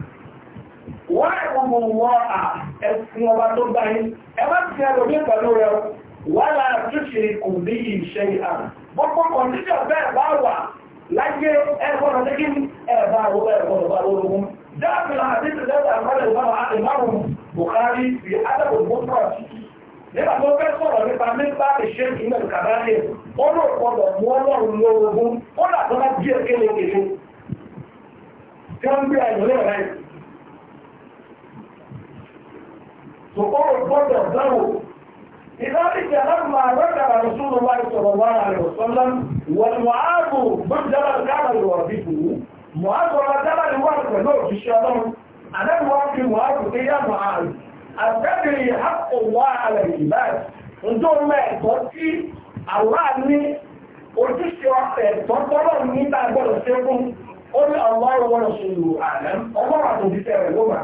wọ́n ẹ̀wọ̀n wọ́n à ẹ̀sìn ọba tó bá yín ẹwà ti ẹlòmí pẹ̀lú rẹ wọ́n là tó ṣe kò ní ìṣe ìhà gbogbo kọ̀ǹdíṣọ̀ bẹ́ẹ̀ bá wà láyé ẹ̀kọ́nà tẹ́kí ẹ̀bá àwọn ẹ̀kọ́nà bá lórogún dáàbìlà àdíṣẹ́ lẹ́gbẹ̀ẹ́ àmọ́lẹ̀ ìmáàmù Bukhari fi adàbò mọ́tọ́ọ̀tì nígbà tó fẹ́ sọ̀rọ̀ nípa nípa ìṣe ìmọ̀ kàbáyé ó lò pọ̀dọ̀ mú ọlọ́run lórogún ó dàtọ́ láti bí ẹ̀kẹ́lẹ̀kẹ́lẹ̀ tí wọ́n ń gbé àìmọ̀lẹ́ rẹ̀ Oh, tó oh, ó gbọ́dọ̀ dáwò ìdáríkì aláàmà àgbẹ́kàrà rọ̀súnù wá ìsọ̀rọ̀wá àrẹ̀wọ̀sọ́lá wọ̀n wàábù gbọ́dọ̀ dáwà lọ́wọ́ bí kùú mọ̀ábù ọ̀rọ̀ dáwà ní wà pẹ̀lú òṣìṣẹ́ ọlọ́run àdẹ́wọ̀ fi mọ̀ábù ní yá mọ̀ábù àgbẹ́bìrì hapò wá àrẹ̀ ìbáyìí ǹjọ́ mẹ́ẹ̀kọ́ tí àwọ̀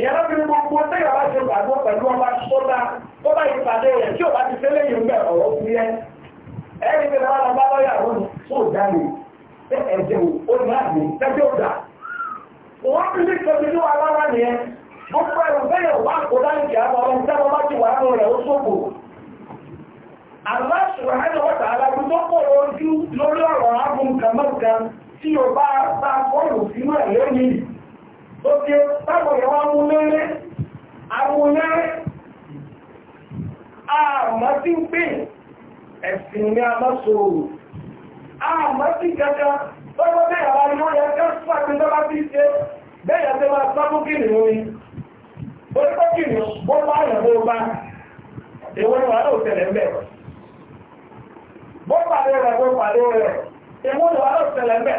ìyára bí gbogbo tẹ́yà bá ṣe gbàgbọ́ pẹ̀lú ọba sọ́dá tó bá ìpàdé rẹ̀ tí ò bá ti fẹ́lẹ̀ yìí ń bẹ̀ ọ̀rọ̀ fún yẹn ẹni tí wọ́n bá lọ́yà wọn tó dáre tẹ́ ẹ̀jẹ̀ ò láàbí tẹ́jẹ́ ò dà wọ́n fi ní tẹ́jẹ́ ní alára nìyẹn gbogbo ẹ̀rọ bẹ́yẹ̀ wà kó dá nìkẹ́ àbọ̀ ọ̀rọ̀ tí wọ́n bá ti wà nù rẹ̀ ó sóbò aláṣùwọ̀n ẹni wọ́n tà alábí tó pọ̀ lójú lórí ọ̀rọ̀ tó tí táwọn ìwà mú léré àwọn léré àmọ́ tí ń pè ẹ̀sìn ní amásòrò àmọ́ tí gẹ́gẹ́ lọ́wọ́ bẹ́ẹ̀ àwọn ọmọ yẹn kẹ́ fàtí lọ́wọ́ tí ṣe bẹ́ẹ̀ tẹ́ máa sábú kí ni orí orípọ́kì ni wọ́n bá yẹ̀ bó bá ìwọ́n wà lóò tẹ̀lé mẹ́ bó pàdé rẹ̀ bó pàdé rẹ̀ ìwọ́n wà lóò tẹ̀lé mẹ́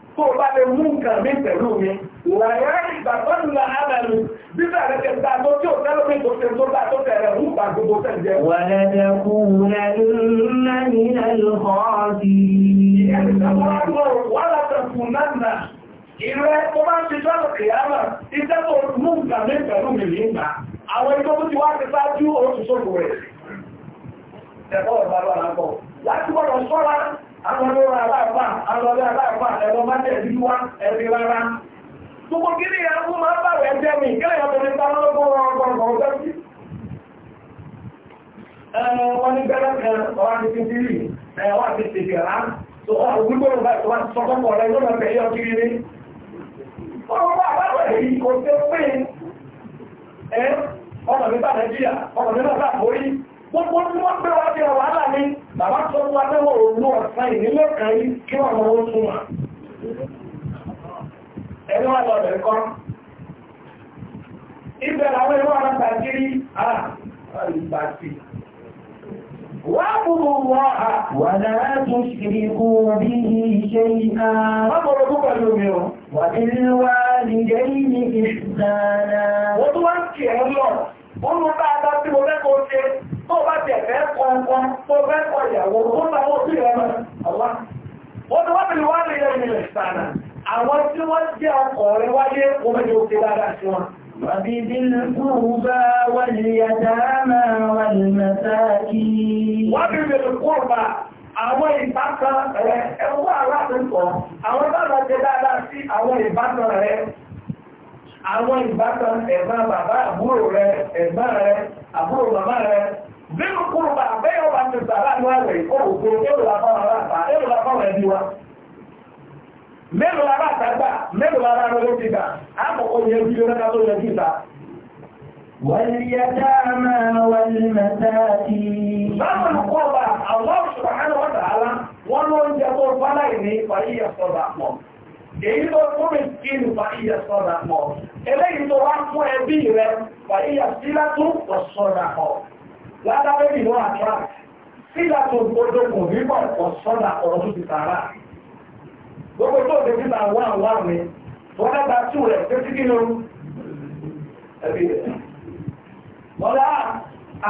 tó bá lè mú nǹkan mi pẹ̀lú mi wàyá ìgbàgbọ́ ńlá àlàlù bíbá rẹ̀ tẹ̀ ta tó tí ò tẹ́lẹ̀ mi tó tẹ̀ tó ta tó tẹ̀ rẹ̀ mú bá gbogbo tẹ̀ ní pẹ̀lú mi ní àwọn olóra aláàpá alọ́lẹ́ aláàpá ẹ̀rọ má jẹ́ ìlú wá ẹ̀rí rárá gbogbo kí ni ìyá fún máa bàwẹ̀ ẹ̀jẹ̀ mi kí lẹ́yìn ọmọdé bá lọ́gbọ́n ọgbọ̀n ọgbọ̀n wọ́n ní bẹ́rẹ̀ kan ọwá ti fi dìrì ẹ̀wà ti ti gẹ̀rá tó ọ gbígbóòrò báyìí tó wá sọ́kọ́kọ́ rẹ̀ yóò lọ́pẹ̀ yọ kiri ní ọmọ bá bá rẹ̀ yìí kò tẹ́ pé ọmọ mi bá nàìjíríà ọmọ mi bá bá borí gbogbo tí wọ́n pẹ́ wá wàhálà ní bàbá tó wá lẹ́wọ̀ òun ọ̀sán ìnílẹ̀ kan yìí kí wọ́n mọ́ oún súnmà ẹni wà lọ rẹ̀ kọ́ ibẹ̀ làwọn ẹ̀rọ àràbà kiri àràbàtì búrú wọ́n à wà náà tún ṣìrí kú bí iṣẹ́ iná wọ́n bọ̀rọ̀ púpọ̀ lómi o wà nílùú wá nìjẹ́ ìní ìṣùdára wọ́n tún wá ń kí ẹ̀rọ lọ wọ́n bá a bá tí mo fẹ́ tó bá tẹ̀ fẹ́ kọ̀ọ̀kan tó fẹ́ kọ̀ ìyàwó tó láwọ́ sí ẹ̀mọ́ ọ̀wá wọ́n tó wá bèèrè wá rí ẹ̀mí rẹ̀ sànà àwọn tí wọ́n jẹ́ ọkọ̀ rẹ̀ wáyé omi òkè dáadáa sí wọn وبذي القربى واليتامى والمساكين وبذي القربى àwọn ìbátan rẹ̀ ẹwọ́ aláàtúntọ̀ àwọn bàbá jẹ dáadáa sí àwọn ìbátan rẹ̀ àwọn ìbátan ẹ̀gbọ́n bàbá àbúrò rẹ̀ ẹ̀gbọ́n rẹ̀ àbúrò bàbá rẹ̀ nínú kúrùbà bẹ́ẹ̀ ọba ní sàrà ní àwẹ̀ òkú èrò lábáwọn ẹbí wa mélòó lára àtàgbà mélòó lára lórí ti gbà àkọ́kọ́ yẹ kí ó rẹ́ta tó yẹ kí ìta wàlìyàtàmà wàlìmẹ̀tàkì báwọn kọ́ọ̀bà àwọn ṣùgbọ́n wọ́n tààlá wọ́n ló ń jẹ tó fáláì ní fàíyà ládáwé ìlú àtúrà sílá tó gbọdọ̀ kò ní bọ̀ ọ̀ sọ́dà ọ̀rọ̀ tó ti tààrà gbogbo tó ti ti tàà wà wà mí wọ́n dábà tù rẹ̀ pé tí kí ló ẹbí rẹ̀ lọ́lá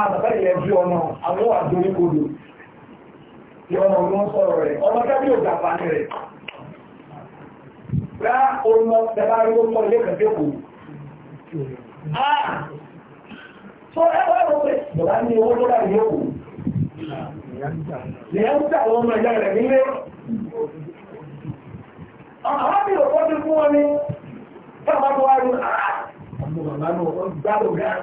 àbàbẹ́ ilẹ̀ ju ọ̀nà àwọn àdórí kodò tí ọmọ ló ń sọ̀rọ̀ rẹ̀ ọmọ tẹ́bí ò dàpá ní rẹ̀ rá ọmọ tẹ́bá ó sọ ilé kẹ̀kẹ́ kò Ah! So, pẹ̀ bọ̀dá ní owó tó dàbí òkú. Ìyẹn ń tà àwọn ọmọ ìyá rẹ̀ nílé. Àwọn àmì òkú ti fún wọn ní káwọn tó wá rí àá. Ah! Àmọ́ bàbá náà ó gbádùn gan.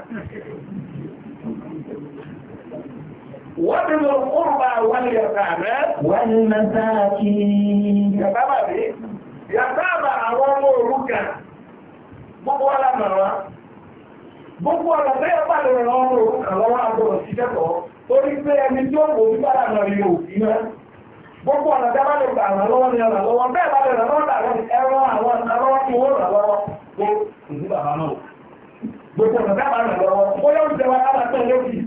وابن القربى واليتامى والمساكين يتامى يتامى àwọn ọmọ òrukàn gbogbo ọlọ́mọ wọn gbogbo ọ̀rọ̀ sí kẹ́kọ̀ọ́ torí pé ẹni tí ó ní bára nà rí náà gbogbo ọ̀nà tẹ́ bá lè gbà ràn lọ́wọ́ ní ọ̀nà lọ́wọ́ bẹ́ẹ̀ bá lè lọ́wọ́ tààrẹ ẹ̀rọ àwọn ọ̀nà tí wọ́n lọ́wọ́ bàbá náà gbogbo ọ̀nà tẹ́ bá lọ́wọ́ ó lókì.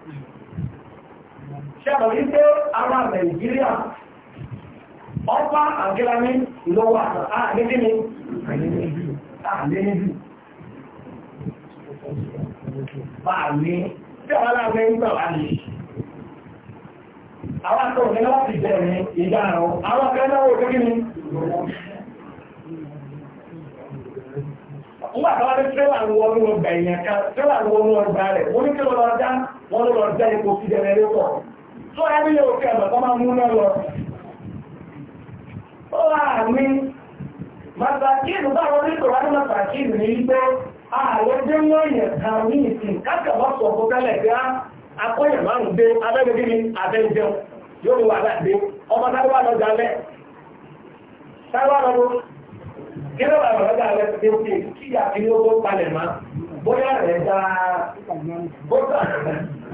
ní ṣẹ́bọ̀ wípé ara nàìjíríà ọpá àgẹ́lámi lọ́wọ́ àgbẹ́gbẹ́ ni àgbẹ́gbẹ́ pààlé tí àwọn aláàgbẹ́ ń gbà wà ní àwọn akọ̀ òní láti bẹ̀rẹ̀ ìdáàrọ̀ àwọn akẹ́lẹ́wò gẹ́gẹ́ ni Nígbà tó wá ní tírélà ń wọnú ọgbà ìyẹn kan, tírélà ń wọnú ọgbà rẹ̀, wọ́n ní kí lọ́lọ́ dá, wọ́n lọ́lọ́ dá epo sí jẹrẹ lẹ́pọ̀ tó rí òkè ọ̀bọ̀kọ́ máa mú náà lọ. Ó wà ní Màtàkìnù bá wọn ní Kòránì Màtàkìnù ní ilé àwọn dé lóyìn kan ní ìsìn kákàbọ̀ sọ fún tẹ́lẹ̀ bí akóyàn máa ń gbé abẹ́gbẹ́gbẹ́ ní abẹ́jẹun yóò ní wà láti ọmọ táwọn wà lọ́jà kí àfihàn ó palẹ̀ mọ́ bóyá rẹ̀ dáa bóyá rẹ̀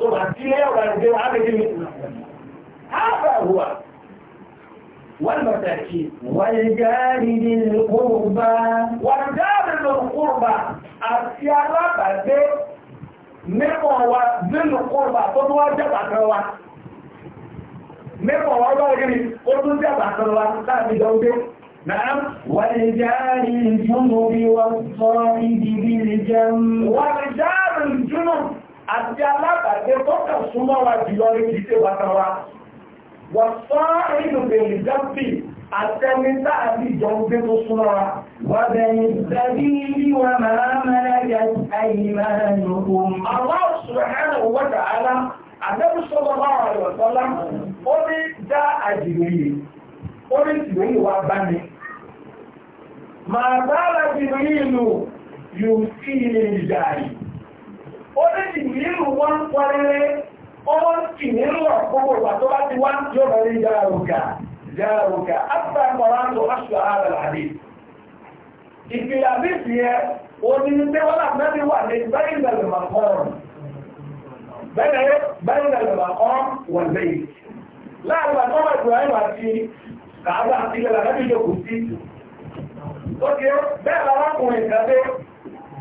تغطيها ويرجع عبد المسلم هذا هو والمساكين والجار ذي القربى والجار ذي القربى أسيارة بدي mẹ́kọ̀ọ́ wa nínú kọ́ọ̀bà tó tó wá jẹ́bà kan wa mẹ́kọ̀ọ́ wa bá rí ó tó jẹ́bà kan wa láti jọ gbé náà wàlè jáàrin jùnú bí wọ́n sọ ìdìbí lè jẹun wàlè jáàrin jùnú àti alábàágbé tó kà súnmọ́ wa jùlọ ní kìí ṣe bàtà wa wà sọ́ inú bèèrè jẹ́pì àtẹnitá àti ìjọba tó súnmọ́ wa. wà bẹ̀rẹ̀ sẹ́bí ní wa máa mẹ́rẹ̀ yẹ àyìnbá nìkún. màá bá àjìnrìyè lò yóò sí ilé ìjà yìí ó ní ìmírù wọ́n ń pọ́ rere ó ń kì ní lọ gbogbo ìgbà tó bá ti wá yóò rẹ̀ ní jáàrùkà jáàrùkà ápùpá ìmọ̀ràn tó aṣọ ara rẹ̀ ìpìlẹ̀ àbíṣì yẹ òní ní pé wọ́n àmẹ́bí wà ní bẹ́ẹ̀lẹ̀ màkọ́rùn bẹ́ẹ̀lẹ̀ màkọ́rùn wọ̀n lẹ́yìn láàrin àtọ́wà ìbùráyìn àti kàádà àti ilẹ̀ àmẹ́bí yóò kù sí ó ti bẹ́ẹ̀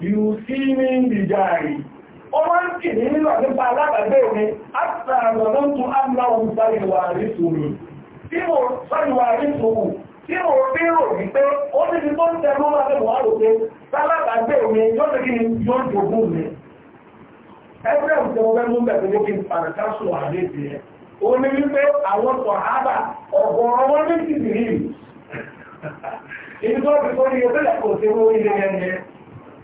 yìí sí ní ìjàrí ó máa ń kì ní nílò nípa alábàgbé mi àtàrà lọ́tún àmàwọn sáyẹ̀wà rí sùúrù tí mo sáyẹ̀wà rí sùúrù tí mo rí rò wípé ó ní ti tó ń tẹnu máa fẹ́ wà rò pé sálábàgbé mi yóò ti kí ni yóò jogún mi ẹgbẹ́ òṣèlú ọgbẹ́ mú bẹ̀rẹ̀ ní kí n pàrọ̀ká sọ àlẹ́ ti ẹ̀ ó ní wípé àwọn sọ̀hábà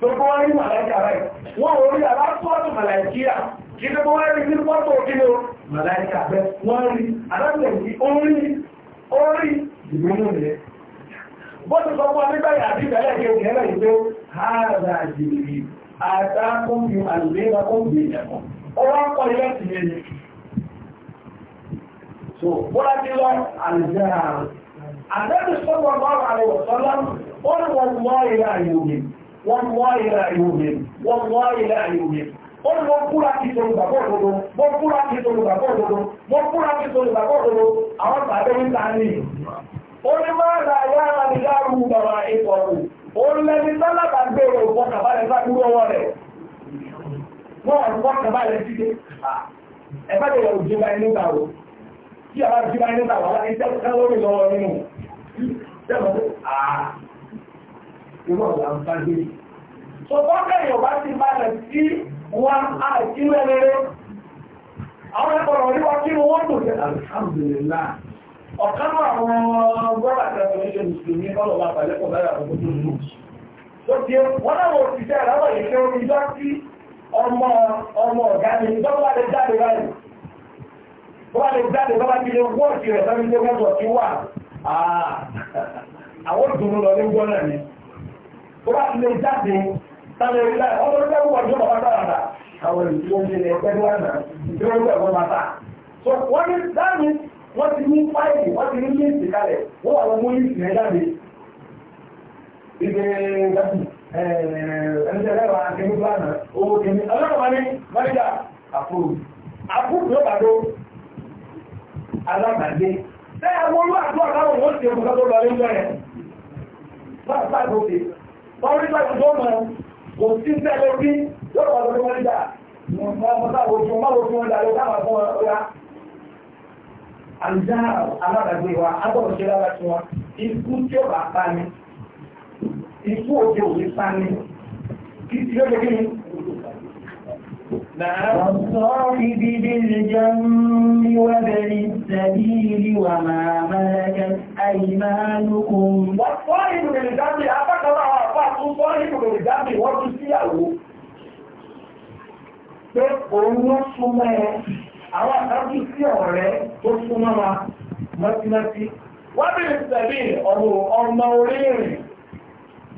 gbogbo wá rí màláìkà rẹ̀ wọ́n ò rí aláṣọ́ọ̀tù màláìkíyà kí gbogbo wá rí nínú pọ́tò òkínú màláìkà bẹ́ wọ́n rí aláṣẹ̀kì orí orí ìgbónú rẹ̀ bó ti I fún abígbáyà àti ìbẹ̀lẹ̀ kí òkè ẹ̀rọ ìgbé ààrà àjèjì àtàkùnfì àlùmíra kọ́ǹbì ìjẹ̀kùn ó wá kọ́ ilé ti yẹn ni so bọ́lá ti lọ àlùjẹ́ àrùn àtẹ́bí sọ́kọ̀ọ́ wọ́n wá ilẹ̀ ìwòmìn wọ́n wá ilẹ̀ ìwòmìn ó lọ búra kí tolùgbàgbọ́ òdodo mọ́ búra kí tolùgbàgbọ́ òdodo mọ́ búra kí tolùgbàgbọ́ òdodo àwọn tàbí ń ta ní ó ní máa ra yára ní láàrú bàbá ipò ó lẹ́ni tálábà gbèrò ìfọkàbalẹ̀ sáàkúrò ọwọ́ rẹ̀ wọ́n ìfọkàbalẹ̀ síde ẹ̀fẹ́ yẹ̀ òjìlá inú ìgbàwó tí a bá jìlá inú ìgbàwó aláìsẹ́ irú ọ̀la ń bá gbé. Ṣùgbọ́n kẹ́yìn ọba ti balẹ̀ sí wọn àìsí rẹ̀rẹ̀rẹ̀. Àwọn ẹ̀kọ́rọ̀ orí wọn kí wọ́n tó ṣe alhamdulillah. Ọ̀kan náà àwọn gbọ́dọ̀ àtẹ̀sọ̀ ní ṣe mùsùlùmí bọ́lọ̀ bá balẹ̀ pọ̀ lára àwọn tó lù. Ó ti wọ́n náà wọ́n ti tẹ́ ìrọ́bọ̀ yìí pé omi jọ sí ọmọ ọmọ ọ̀gá mi ìjọba lè jáde báyìí. Bọ́lá lè jáde bọ́lá ti lè wọ́ọ̀sì rẹ̀ sọ́mi lé mọ́tò ọ̀tí wà tó bá ti lè jáde sáré orí láì ọmọ orí lẹ́wọ́ ọjọ́ bàbá dáradà àwọn ìfowópamọ́ ẹgbẹ́ wà náà ìdúró ń bẹ̀ wọ́n máa tà. so wọ́n ní dáàmì wọ́n ti ní fáìlì wọ́n ti ní líìsì kalẹ̀ wọ́n wà lọ́mú líìsì rẹ̀ jáde. ibi ẹni tẹ́lẹ̀ wà kẹ́mi plánà owó kẹ́mi ọlọ́run wà ní mọ́níjà àfúrú àfúrú ló bàdó alábàdé. bẹ́ẹ̀ wọ́n lọ́ àdúrà káwọn wọ́n ti Báwọn nígbà tó mọ̀ kò sí tẹ́lẹ̀ bí lọ́rọ̀ ọ̀dọ́ tó wọ́n dà. Wọ́n bá ojú wọn ojú wọn dàrú káwọn fún wọn ọ̀la. Àlùjá alábàgbé wa, agbọ̀dọ̀ ṣe lára tí wọn, ikú tí ó bá pa ni, ikú òde òde pa ni, kí ti lóde kí ni والصاحب بالجنب وابن السبيل وما ملكت أيمانكم والصاحب بالجنب أفكر أعفاك والصاحب بالجنب والرسيئه pé òun ló súnmọ́ ẹ àwọn àtàkì sí ọ̀rẹ́ tó súnmọ́ wa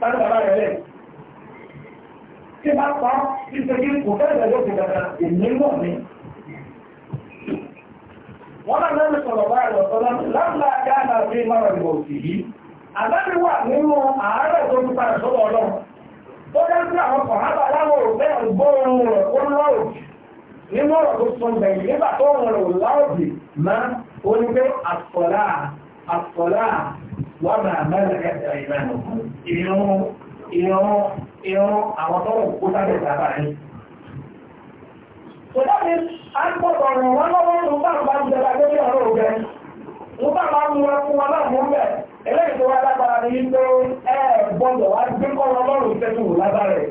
tàbí bàbá rẹ̀ lẹ̀. Tí bá pa títí kí kò fẹ́ ìrẹ̀ yóò fi dàgbà èmi wọ̀ mi. Wọ́n náà lẹ́nu sọ̀rọ̀ bá rẹ̀ ọ̀tọ́ lábúlá gáàdà sí mọ́rọ̀ ìwọ̀ òsì yìí. Àdáni wà nínú àárẹ̀ tó ti padà sọ́dọ̀ ọlọ́run. Ó dá sí àwọn kọ̀hábà láwọn òfẹ́ ìgbóòrùn rẹ̀ ó láòjì. Nínú ọ̀rọ̀ tó wọ́n máa mẹ́rin ẹ̀dà ìlànà ìran àwọn tọ́rọ̀ kó sábẹ̀ sábà ní. So that means, a ń pọ̀tọ̀ ọ̀rọ̀ wọn lọ́wọ́ ló bá bá ń jẹba lórí ọ̀rọ̀ ògbẹ́. Mo bá máa mú wọn fún wọn náà mú bẹ̀. Eléyìí tó wá lágbára ní pé ẹ gbọ́dọ̀ wá gbé kọ́rọ̀ ọlọ́run tẹ́tù wò lágbára rẹ̀.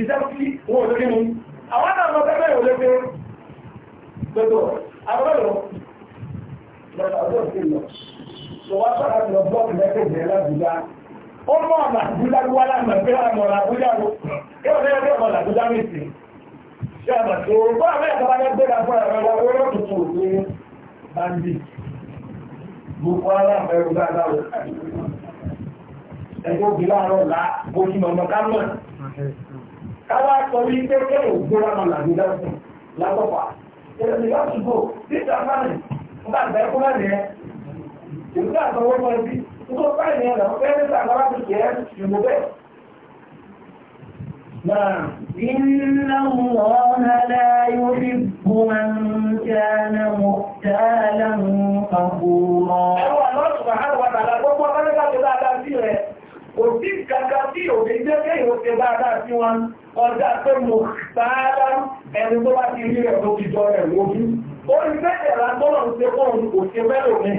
Ìṣẹ́ tí wọn ò lórí mi. Àwọn náà lọ bẹ́ẹ̀ ò lé pé gbogbo àwọn ọ̀rọ̀ lọ́dọ̀ ọdún òfin lọ sọ̀wọ́ sọ̀rọ̀ àti lọ bọ́ọ̀kì lẹ́kẹ̀ẹ́ jẹ́ lábùjá ó mọ̀ ọ̀nà àbújá wá láàmà pé àmọ̀ràn àbújá ló kí ọ̀rẹ́ ẹgbẹ́ ọ̀nà àbújá mi sì ṣe àmà tó bọ́ àmì ìjọba yẹn gbéra fún ẹ̀rọ ẹ̀rọ ẹ̀rọ tuntun òní bandi gbogbo ara ẹ̀rọ dáadáa lọ ẹgbẹ́ òbí láàárọ̀ là bójú mọ̀mọ́ kámọ̀ káwá sọ wí pé kéwòn gbéra mọ̀ làbújá fún lágbọ̀pá ìrẹ̀lẹ̀ yóò ìlú àtọwọ́ mọ́ ẹbí tó báyìí ẹ̀rọ fẹ́rẹ́ sàgbára ti jẹ́ ìmú bẹ́ẹ̀. إن الله لا يحب من كان مختالا فخورا. Kò sí kankan tí òde jẹ́ pé ìwòsè dáadáa sí wọn, ọjà pé mo ẹni tó bá ti rí rẹ̀ tó ti jọ rẹ̀ lójú. Ó rí bẹ́ẹ̀ rà tọ́lọ̀ ń ṣe fóun kò ṣe mẹ́lòmíì.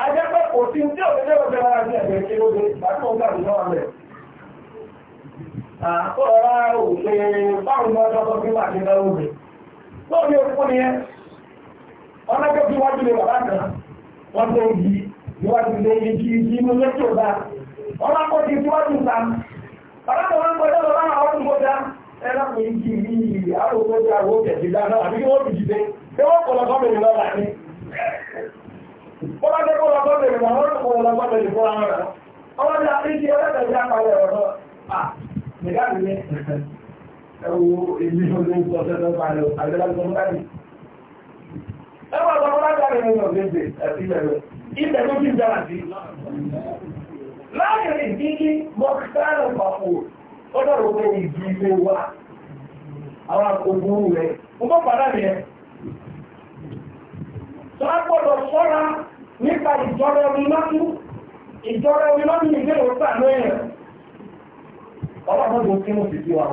ajẹ́pẹ́ kò sí tí òṣèlú ọ̀gbẹ́ ara ní ẹ̀gbẹ́ kí ló dé bàtí wọ́n gbàgbé náà rẹ̀. òṣè báwọn ọjọ́ tó fi wà ní ni ẹ wọ́n tó yí ó bá jẹ́ kó lọ sọ́dọ̀ ìwà wọn ló kọ́ lọ sọ́dọ̀ ìfọ́ ara àríkí ẹlẹ́tẹ̀ẹ́sí àpàlẹ̀ ọ̀rọ̀ à nígbà tí ní ẹwù ọdún nípa ìjọra omi lọ́nù ìjọra omi lọ́nù ìgbé òkúta lóyìn ọlọ́pọ̀ tí mo sì sí wa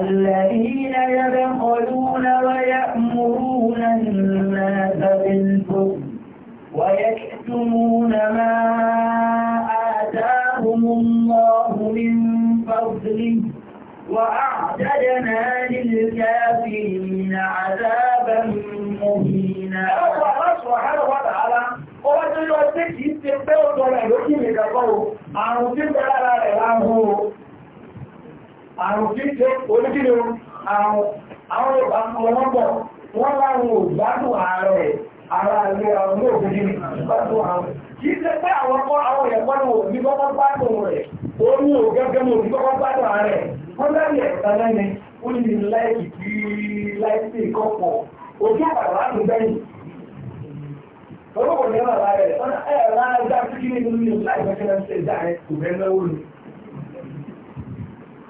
الذين يبخلون ويأمرون الناس بالبخل ويكتمون ما آتاهم الله من فضله وأعتدنا للكافرين عذابا مهينا الله سبحانه وتعالى Ọwọ́ tó yọ sí kìí ṣe pé ó tọrọ ya ìrìnkàkọ́ àrùn tí bẹ̀rẹ̀ ara rẹ̀ láàrùn o. Àrùn tí ṣe olúkìlò àrùn àwọn ọmọbọ̀ wọ́n láàrùn ògbádùn ààrẹ ara rẹ̀ àwọn olóògbé kì í ṣe pé àwọn kọ́ àwọn èèyàn pọ́nù wò ní kọ́kọ́ gbádùn rẹ̀ orí ò gẹ́gẹ́ mọ̀ ní kọ́kọ́ gbádùn rẹ̀ wọ́n lẹ́yìn ẹ̀ka lẹ́ni ó ní láìsí kí láìsí ìkọ́pọ̀ ojú àgbà láti gbẹ̀yìn Ọlọ́pọ̀ ní ọ̀rọ̀ ara rẹ̀, ọ̀nà ẹ̀rọ ajá tí kí ní ìlú ní ìlú àìmọ̀ṣẹ́ ṣe dá rẹ̀ kò bẹ́ẹ̀ lọ́wọ́ ni.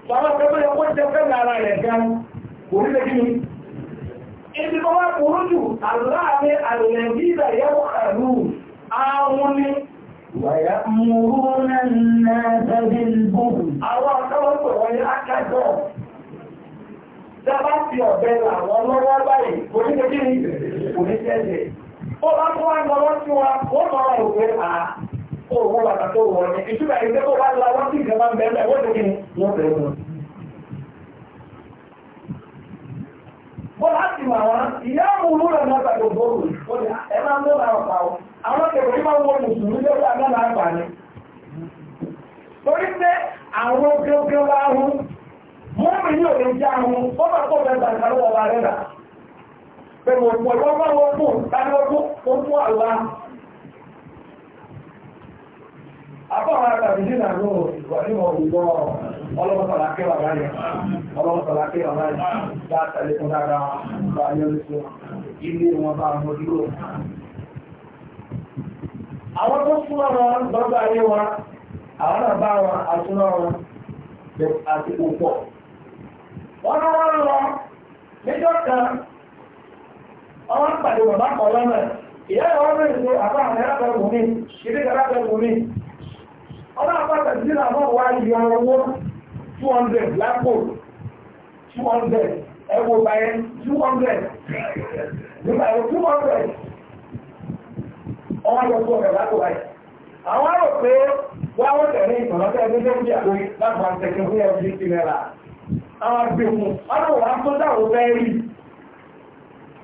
Sọ̀rọ̀ pé bóyá wọ́n jẹ fẹ́ lára rẹ̀ gan, kò ní lẹ́kí ni. Ibi bọ́ wá kúrú jù, àlọ́ àmì àlùmẹ̀bí ìbẹ̀rẹ̀ yẹ́wọ̀ àrùn àwọn ní wàyá múrú náà tẹ́bí bùbù àwọn akọ́wọ́pọ̀ wọ́n akájọ́ dábá fi ọ̀bẹ làwọn lọ́wọ́ báyìí oníkejì ní oníkẹ́jẹ̀ ó bá tó wá lọ́wọ́ sí wa ó lọ́wọ́ òwe à òwò ní ìṣúgbà ìjọba mẹ́rẹ̀ wọ́n tẹ́kí wọ́n tẹ́ wọn. bọ́lá ti mọ̀ àwọn ìyá mú lúrẹ̀ mọ́ta gbogbo òwò ó ní ẹ máa mú àwọn pa àwọn kẹ̀kẹ́ máa wọ mùsùlùmí lọ́wọ́ agbára àgbàní torí pé àwọn gẹ́gẹ́ wá hún mú mi ní òní já hún ó máa kó bẹ́ẹ̀ bá ìgbà lọ́wọ́ rẹ̀ rà pẹ̀lú òpó ìwọ́n bá wọ́n kù tàbí ọdún ó mú àlá Àbọ̀wọ̀n àgbàbí nínú àwọn ìwà níwọ̀n ìwọ̀ ọlọ́pọ̀tàlá kí wà báyìí, ọlọ́pọ̀tàlá kí wà báyìí, bá tàlé fún dáadáa, bá yọ́ lóṣù, ilé wọn bá mọ́ dúró. àwọn tó súnmọ́ wọn lọ́gbà ayé wọn àwọn náà wọn àtúnmọ́ wọn àti òpó. wọ́n ní lọ níjọ́ kan ọmọ pàdé bàbá kan lọ́nà ìyá ìwọ́n àbá àwọn ẹ̀rọ kan kan àpáta sí àwọn owó lápò two báyẹn nígbà ọwọ́ yọjú ọ̀rọ̀ látò báyìí. Àwọn àrò pé wá wọ́n tẹ̀lé ìtọ̀lọ́tẹ̀ ní lórí àwòrí láti máa tẹ̀kẹ́ fún ẹbí ti rẹ̀ra. Àwọn agbèmù, ọlọ́wọ́ wá tó dáwò bẹ́ẹ̀ rí.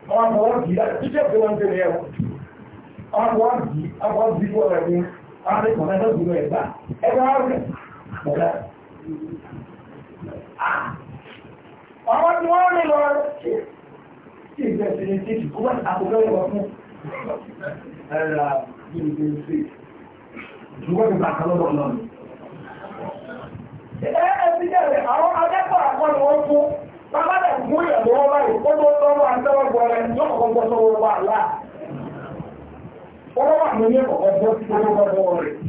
Àwọn àbọ̀wọ́ jì láti jíjẹ́ pé wọ́n tẹ̀lé ẹ̀wọ̀. Àwọn àbọ̀wọ́ jì, àbọ̀wọ́ jì fún ọ̀rẹ́ mi, àwọn ìkọ̀lẹ́ náà dùn ẹ̀gbà. Ẹgbẹ́ wọn rẹ̀. Àwọn tí wọ́n rí lọ sí ìgbẹ̀sìn ní títì, kó wọ́n àkókò ẹ̀wọ̀ fún ẹ̀rà gbígbé sí ṣùgbọ́n ti bàtà lọ́dọ̀ lọ́nà. ẹ̀ẹ́sì jẹ́rẹ̀ àwọn akẹ́kọ̀ọ́ àkọ́ni wọ́n fún bàbá dẹ̀ fún ìyàwó wọn báyìí ó tó tọ́wọ́ àtẹ́wọ́ gbọ́rẹ̀ lọ́kọ̀ọ́ gbọ́ sọ́wọ́ wà láà. ó wà ní ní ọ̀kọ̀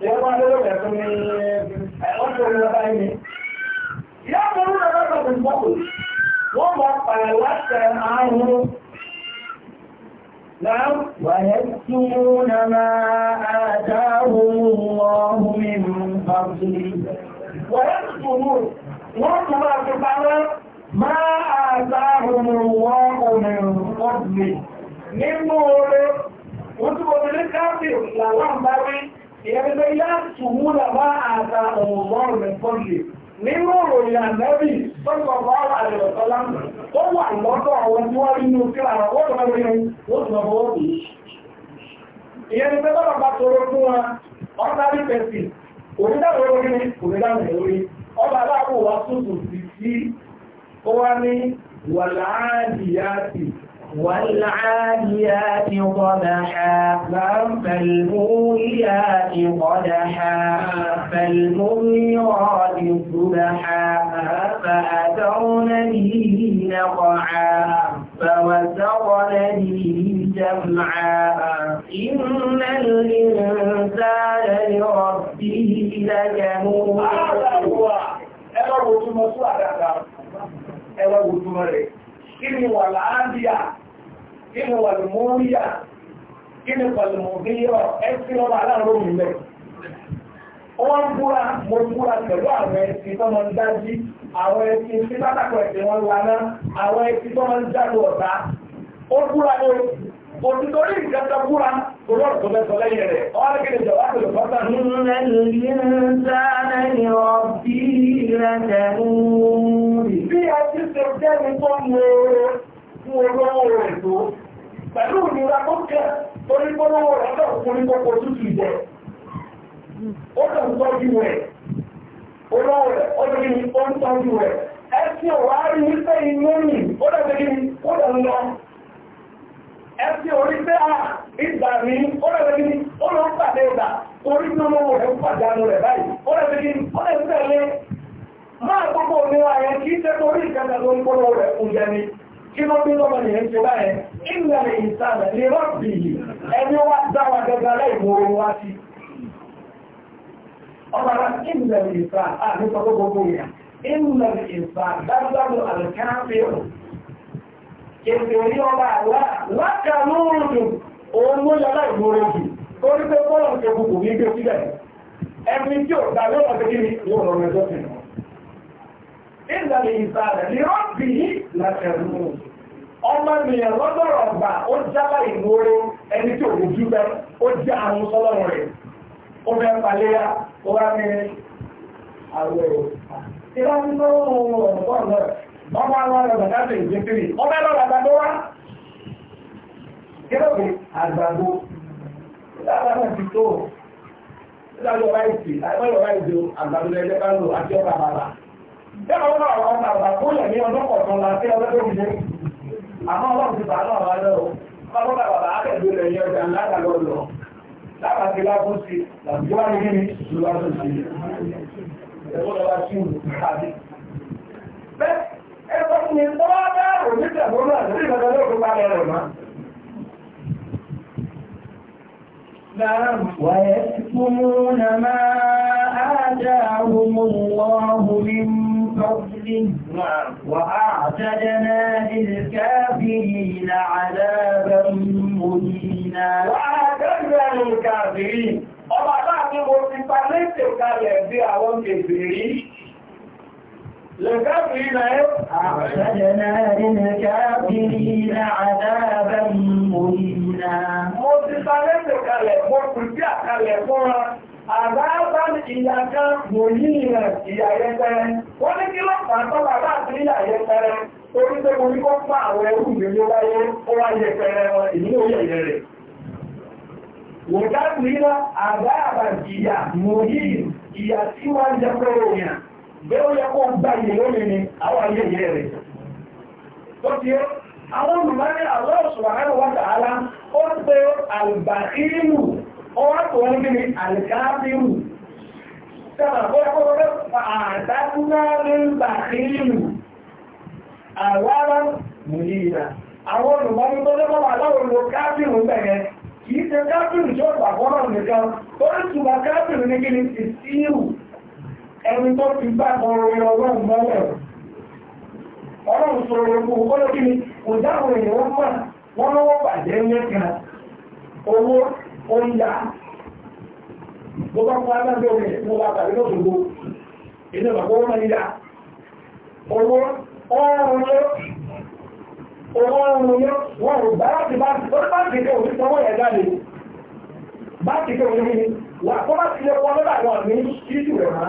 Ìjọba lọ́wọ́ rẹ̀ tó ní ẹ̀wọ́n tó lọ bá ní. Ìyá ọmọ orúkọ lọ́pọ̀ tó ń bọ́ kò. Wọ́n mọ̀ pàrẹ̀ láti àárún. Náà wàyẹ̀ tí wọ́n na máa àdáhùn ọ̀hún nínú fàbílì. Wàyẹ̀ tí wọ́n tó máa fi parẹ́ máa àdáhùn ọ̀hún nínú fàbílì. Nínú oore, wọ́n tí wọ́n ti ní káàkiri làwọn bá rí ìrẹ́gbẹ́ ilá tùmúlà bá àta ọ̀wọ̀n rẹ̀pọ́lì nínú òròyìn àmẹ́bì tọ́gbọ̀gbọ́ àrẹ̀ọ̀tọ́lá tó wà lọ́dọ̀ àwọn tí wọ́n rí inú kí àwọn ọwọ́ tó mẹ́rin ní wọ́n tó mọ́ wọ́n yìí ìyẹn ni pẹ́lú ọba tọrọ fún wa ọ́nàrí pẹ̀sì onídàwọ̀ orí ni onídàwọ̀ orí ọba aláàbò wa tó tò sí sí ó wá ní wàláàdìyàtì والعاديات ضبحا فالموريات قدحا فالمغيرات صبحا فأثرن به نقعا فوسرن به جمعا إن الإنسان لربه لكنوب ẹwà wo túmọ̀ sí àdáta kíni wà láàbíà kíni wà lùmúríà kíni pàlùmọ̀bíyọ̀ ẹ̀sìn ọba aláàrọ̀ mi lẹ̀. wọ́n búra mo búra pẹ̀lú àwọn ẹ̀sìn tó máa ń dájí àwọn ẹ̀sìn tí pátákó ẹ̀sìn wọn lana àwọn ẹ̀sìn tó máa ń jáde ọ̀tá ó òtítọ́rí ìjẹta búra torí ọ̀tọ̀lẹ́sọ lẹ́yìn rẹ̀ ọwọ́n kí ni jọba tó lè fọ́tà ní. ìrìnlẹ̀ ìrìnsáàlẹ̀ ni ọ̀bí ìrẹsẹ̀ ń rí. bí a ti ṣe jẹ́ ní tó ń wo fún olówó rẹ̀ tó pẹ̀lú ìnira tó kẹ́ torí polówó rẹ̀ tó kún ní kókó tútù jẹ. ó kàn ń tọ́jú rẹ̀ olówó rẹ̀ ó ní ó ń tọ́jú rẹ̀ ẹ ti wá rí wípé inú mi ó dàbí ó dàbí lọ ẹ̀sìn orí pé à ah, ìgbà ní ọlọ́rẹ́ ní ọlọ́rẹ́ pàdé ìgbà orí tí ọmọ rẹ̀ pàdánù rẹ̀ báyìí ọlọ́rẹ́ ní ọlọ́rẹ́ tẹ̀lé máa gbogbo òmìnira yẹn kì í tẹ́tọ́ orí ìkẹta tó ń pọ́nà rẹ̀ kù jẹ ni kí ló bí lọ́mọ nìyẹn ṣe báyẹn ìlànà ìsànà ní rọ́ọ̀bì yìí ẹni wá dá wa gẹ́gẹ́ aláìmoore wá sí ọmọ rẹ̀ ìlànà ìsànà àti sọ́kọ́ gbogbo ìyà ìlànà ìsànà dájúdájú àlùkáfíìrù kèfèrí ọba àwọ́ lákà lóòrùn òun ló yàrá ìgbòrò jù tó rí pé bọ́ọ̀lù kẹkù kò ní gbé sílẹ̀ ẹni tí ò gbà lọ́wọ́ pé kí ni yóò lọ rẹ̀ lọ́sìn ìlànà ìsàlẹ̀ ni ó bì í lákà lóòrùn ọmọ ènìyàn lọ́dọ̀rọ̀ ọgbà ó jábá ìgbòrò ẹni tí ò ní jú bẹ́ ó jẹ́ àrùn sọ́lọ́run rẹ̀ ó ọmọ àwọn ọ̀rọ̀ láti ìjẹ́kiri ọmọ ẹ̀rọ àgbàdo wá kílọ̀bì àgbàdo láàrín àti tó láàrín ọ̀rá ìsì láàrín ọ̀rá ìdí àgbàdo lẹ́jẹ́ bá lò àti ọ̀rá bàbà bẹ́ẹ̀ wọ́n náà wọ́n náà bàbà kó yẹ̀ ní ọdún kọ̀ọ̀kan láti ọdún tó wùdé àmọ́ ọlọ́run ti bàá náà wáyé o bábọ́ bàbà bàbá kẹ̀dú rẹ̀ yẹ ọjà ńlá lọ lọ lábàtí lábó sí làbí wá ní ní lọ́wọ́ tó ṣe ẹ̀wọ́n lọ́wọ́ sí ìlú ẹgbẹ́ ni tọ́wọ́ dáàrùn nígbà tó náà sí ọkụkọ ما آتاهم الله من فضله وأعتدنا للكافرين عذابا مهينا وأعتدنا للكافرين أعتدنا للكافرين عذابا مهينا mo ti sàlẹ́sẹ̀ kalẹ̀ mo kù sí àkalẹ̀ fún wa àbábá ìyá kan mò ní ìrìn ìyá yẹpẹrẹ wọ́n ní kí lọ́pàá tọ́lá bá sí ìyá yẹpẹrẹ orí tó mo ní kó pa àwọn ẹrù ìgbèlú wáyé ó wá yẹpẹrẹ wọn ìlú òye yẹ rẹ̀ wò dábìlì tí wọ́n jẹ́ pé òyìn bẹ́ẹ̀ ó yẹ kó gba ilẹ̀ lónìí ni àwọn ayé ilẹ̀ rẹ̀ tó ti yẹ àwọn olùmọ́rí àlọ́ọ̀sùwárẹ́ wọ́n tààlá ó pé àlùbàkírù ó wá tó wọ́n gíní àlùkáàbírù sábà bó yẹ kó rọ́rọ́ fàádánúwárí bàkírù àwárá mùlíra àwọn olùmọ́rí tó lọ́wọ́ aláwọ̀ lo káàbírù bẹ̀rẹ̀ kìí ṣe káàbírù tí ó nìkan ó ń túnmọ̀ káàbírù ní gíní ìsírù ẹni tó fi ọlọ́run mọ́lẹ̀ wọ́n bá ya láti bá ti bá ti òní bá ti òní wà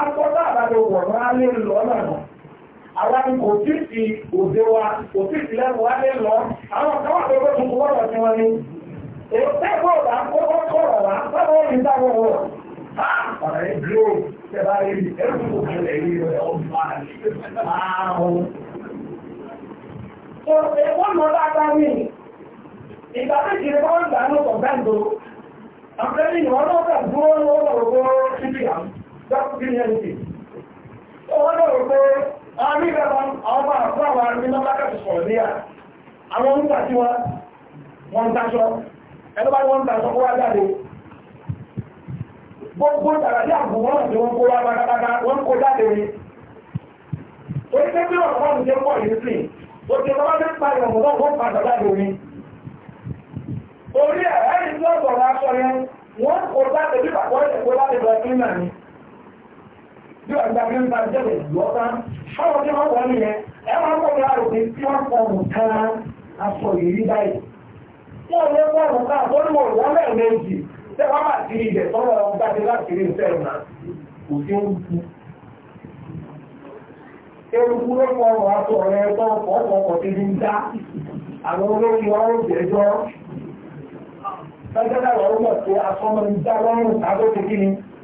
akọ́tà àbájọ wọ̀nà alẹ́ lọ náà àwọn kò tí ti òde wa kò tí ti lẹ́nu wa lé lọ àwọn kan wà pé ó tún kọ́ ọ̀rọ̀ sí wọn ni èyí tẹ́gbọ́ ọ̀dà kọ́kọ́ kọ̀rọ̀ wá sábà ń dá wọn wọ̀ ha ọ̀rọ̀ yẹn dúró tẹ́lá rí ni ẹ̀rù kò kalẹ̀ rí rẹ̀ ọ̀gbà ààrùn. tó èkó lọ dáadáa ní ìgbà méjì ni wọ́n ń gbà ní ọ̀gbà ń do àpẹẹrẹ ìwọ́n náà dúró lọ́wọ́ That's brilliant. Wọ́n lọ rò pé àmì ìjọba àwọn bá fún àwọn arìnrìn náà lákàtí sọ̀rọ̀ ní à. Àwọn oúnjẹ tí wọ́n wọ́n ń taṣọ, ẹni bá wọ́n ń taṣọ kó wá jáde. Gbogbo ìtàrà sí àgbò wọn àti wọn kó wá pátápátá, wọ́n kó jáde ni. Orí pé bí wọ́n wọ́n ṣe pọ̀ yìí sí, ó ti lọ́wọ́ sí parí ọ̀mọ̀ náà wọ́n padà jáde ni. Orí ẹ̀ ẹni tí wọ́n sọ̀rọ̀ aṣọ yẹn, wọ́n kó jáde bí bàbá ẹ̀ kó jáde lọ sí náà ni bí ọ̀gbà bí ń bá jẹ́lẹ̀ lọ́tán ṣọ́wọ́ tí wọ́n wọ́n nìyẹn ẹ máa bọ̀ láàrò pé tí wọ́n kọ nǹkan aṣọ ìrírí báyìí wọ́n lé wọ́n nǹkan àtọ́lùmọ̀ wọ́n lẹ́ẹ̀mejì tẹ́ wọ́n bá ti rí ibẹ̀ tọ́lọ̀ gbáde láti rí ìfẹ́ ìmọ̀ kò sí ń kú eruku ló kọ ọ̀rọ̀ aṣọ rẹ̀ tó ọkọ̀ ọkọ̀ ti ń dá àwọn olórí ọrùn jẹjọ́ lọ́jọ́ náà wọ́n mọ̀ pé aṣọ máa ń dá lọ́rùn tàbí ó ti kí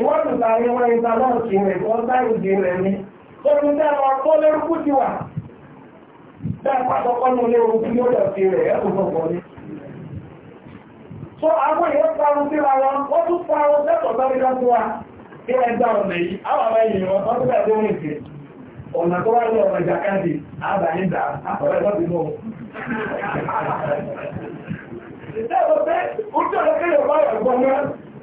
ìwọ́dùn tàbí wọ́n ìta náà kì rẹ̀ wọ́n táìdì rẹ̀ ní tóbi dáwà kọ́ lórúkú ti wà dápàtọ́kọ́ ní olé orúkú yóò dọ̀ sí rẹ̀ ẹ̀kùnkùn ní so àwọn èèyàn parun sí ra wọn wọ́n tún parun sẹ́tọ̀ sọ́rídá sí wa kí ẹ dá ọ̀nà yìí àwọn àwọn èèyàn wọn tó bẹ̀rẹ̀ tó rìn sí ọ̀nà tó wá ní ọ̀nà ìjàkadì àbáyídà àpọ̀rẹ́ lọ́dún náà Ìjọba pé ó jọ̀rọ̀ kéèyàn bá yọ̀ gbọ́n náà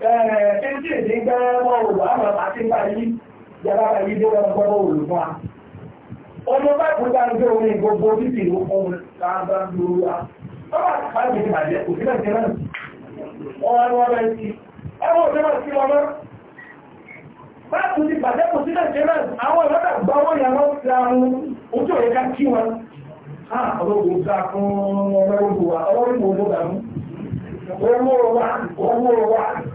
ẹ̀ẹ́dẹ́gbẹ̀rún gbẹ́rẹ́ bá gbogbo títì ló láàbá wa. bàjẹ́ kò jẹ́ náà. bẹ́ẹ̀ sí. bàjẹ́ kò jẹ́ náà àwọn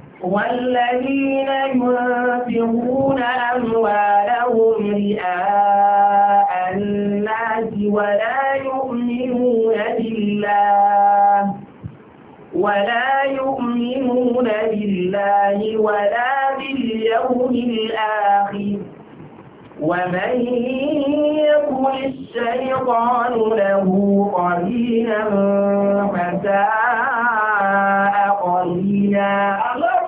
والذين ينفقون أموالهم رئاء الناس ولا يؤمنون بالله ولا يؤمنون بالله ولا باليوم الآخر ومن يكن الشيطان له قرينا فساء قرينا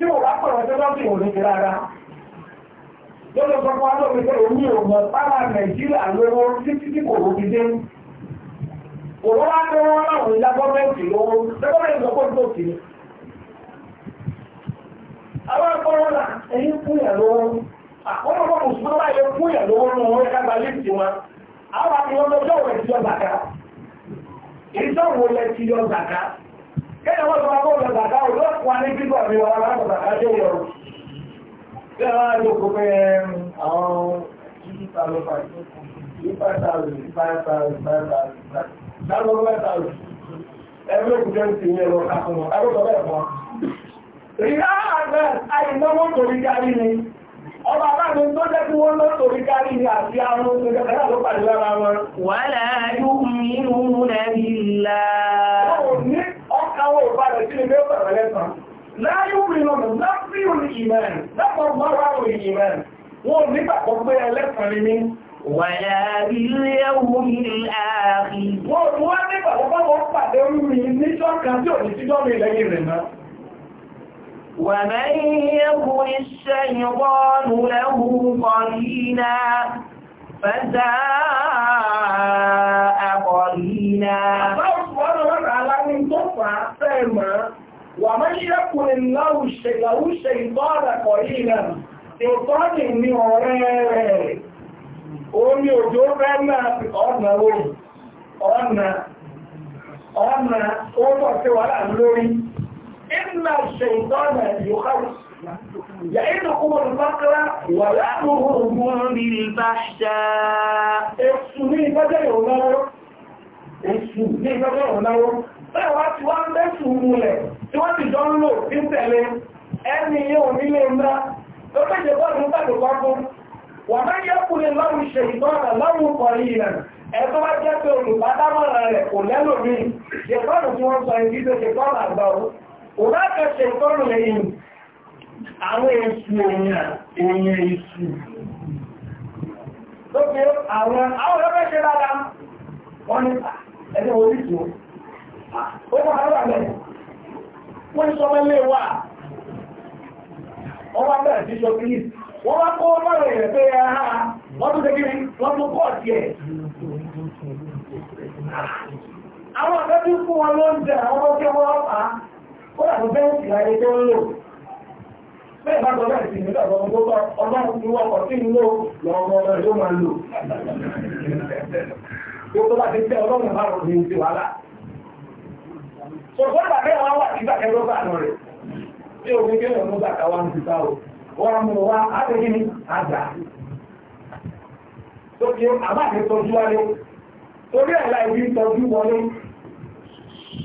tí wọ́n bá pọ̀rọ̀ tó lọ́sìn òní ti rárá. Lọ́dọ̀ sọ fún alọ́ pé omi òmò pàrà Nàìjíríà lówó títí tí kò rò dídé. Òwò wá tó wọ́n láwọn ìlà gọ́ọ̀mẹ̀ntì lówó, gọ́ọ̀mẹ̀ntì lọ́pọ̀ tó ti. Àwọn akọ́rọ́ là ẹ̀yìn fún yà lówó. Àwọn ọmọ mùsùlùmí wá yẹ fún yà lówó nù wọ́n ká gba lífì wọn. Àwọn àti wọn lọ́jọ́ òwe ti yọ zàkà. Ìjọ́ wo lẹ ti yọ zàkà? kẹ́yìn wọ́n sọ tó yọ̀ tí a tó jẹ́ kí wọ́n lọ torí kárí ni àti àwọn oúnjẹ ló pàdé lára wọn. wàhálà yóò mú inú rẹ̀ bí káwọn òbára sí ilé ọ̀rọ̀ lẹ́sàn láyé òmìnirànà láti òní ìmẹ́rin lápọ̀ mọ́ra òní ìmẹ́rin wọ́n nígbàgbọ́ pé ẹlẹ́sàn ni mí wàyà ilé ohun ìlàáhì wọ́n wọ́n nígbàgbọ́ pé wọ́n pàdé orí níjọ́ kan tí òní síjọ́ mi lẹ́yìn rẹ̀ náà ومن يكن الشيطان له قليلا فساء قرينا ومن يكن الله له الشيطان قرينا شيطان ni ọ̀rẹ́ rẹ̀ omi òjò fẹ́ náà fi ọ̀nà orí ọ̀nà ọ̀nà ó bọ̀ sí wàhálà lórí ìlà ṣèǹtọ́nà yóò يعينكم الفقر ويأمركم بالفحشاء èṣù ní ìfẹ́jẹ́ ìrọ̀lọ́wọ́ èṣù ní ìfẹ́jẹ́ ìrọ̀lọ́wọ́ bẹ́ẹ̀ wá ti wá ń bẹ́ṣù múlẹ̀ tí wọ́n ti jọ ń lò tí ń tẹ̀lé ẹni yóò nílé ńlá tó kéje ẹ̀tọ́ bá jẹ́ pé olùbádámọ̀ràn rẹ̀ kò lẹ́lò mí ṣe tọ́nù tí wọ́n sọ ẹni ṣe tọ́nà àgbà òun láti ṣe tọ́nù lẹ́yìn àwọn èsù èèyàn èèyàn èsù tó àwọn àwọn ọ̀rẹ́ ṣe lára wọ́n ní ah, ẹgbẹ́ oríṣù ah, ó mọ́ àwọn àgbẹ̀ wọ́n ní wà wọ́n wá bẹ̀rẹ̀ sí ṣọ́kí wọ́n wá kó mọ́rọ̀ rẹ̀ pé ara ah, wọ́n tún tẹ́kí àwọn ọ̀rẹ́ tí fún wọn ló ń jẹ àwọn ọmọ tí wọ́n pa ó dàbí bẹ́ẹ̀ bẹ́ẹ̀ bá gbọ́dọ̀ ìsìn nígbà tó ń gbọ́ ọlọ́run ní wọ́pọ̀ sí inú lọ́wọ́ ọmọ yóò máa lò. Yóò tó bá ti tẹ́ ọlọ́run bá rọ̀ ní ti wàhálà. Sọ̀tọ́ ìgbàgbé wa wà nígbà kẹ́lọ́ bá nù rẹ̀. Bí omi gbé ọ̀nà bá kà wá ń ti sáwò, wọ́n mú wa ábẹ́gí ní àgbà. Tó kí àbá mi tọ́jú wálé, torí ẹ̀ láì fi wọlé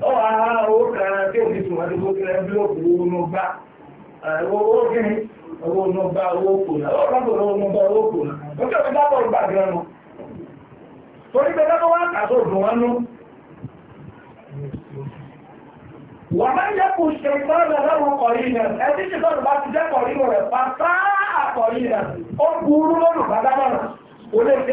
ó wà á owó kan tí òní tùmọ̀ ní kó kílẹ̀ bílọ̀kù owó nù bá owó kíni owó nù bá owó kò náà ọlọ́pọ̀ owó nù bá owó kò náà ó kí ọ̀sẹ̀ dábọ̀ ìgbà gan nù torí pé dábọ̀ wá kà tó dùn wọn nù. wọ́n máa ń yẹ kó ṣe ìtọ́jú ọlọ́run kọ̀rí náà ṣe tọ́jú bá ti jẹ́ kọ̀rí rẹ̀ pátá àkọ̀rí ó burú lọ́rùn bàbá náà lè ṣe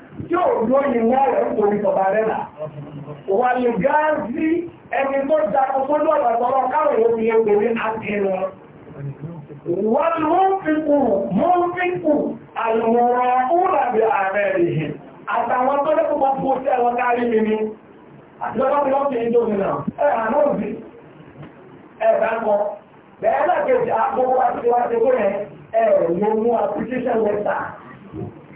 tí ò lóyìn wọ́n rẹ̀ ń torí tọba rẹ̀ là wà lè gáàzí ẹni tó dákọ tó lọ́wọ́ tọ́lọ́ káwọn èèyàn fi ẹgbẹ́ ní àtẹnu wọ́n ló ń fi kù mú ń fi kù àlùmọ̀ràn òǹlàbẹ̀ ààrẹ rẹ̀ àtàwọn tó lẹ́kọ̀ọ́ bá kó sí àwọn kárí mi ni lọ́wọ́ mi lọ́wọ́ fi ń dómi náà ẹ̀ àná òbí ẹ̀ bá kọ náà kejì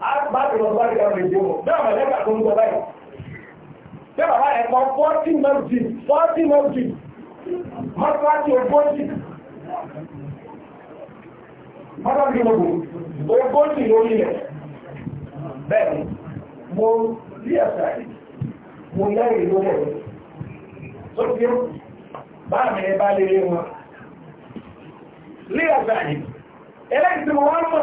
báàkì lọ bá dìgbà méje mọ̀ bẹ́ẹ̀ mọ̀ lẹ́gbà tó ń gbọ́ báyìí bẹ́ẹ̀ bàbá ẹ̀ kọ́ fọ́tí mọ́jì fọ́tí mọ́jì mọ́tíláṣí ogójì mọ́tíláṣí ogójì ogójì lórí rẹ̀ bẹ́ẹ̀ mo rí ẹ̀sà mo lẹ́rìí lórí rẹ̀ tó fi báà mi bá lé wọn lé ẹ̀sà yìí eléyìí tí mo wá mọ̀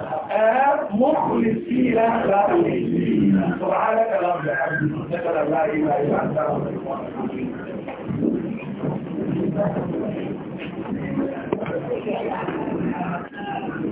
مخلصين لله سبحانك اللهم وبحمدك لا اله الا انت استغفرك واتوب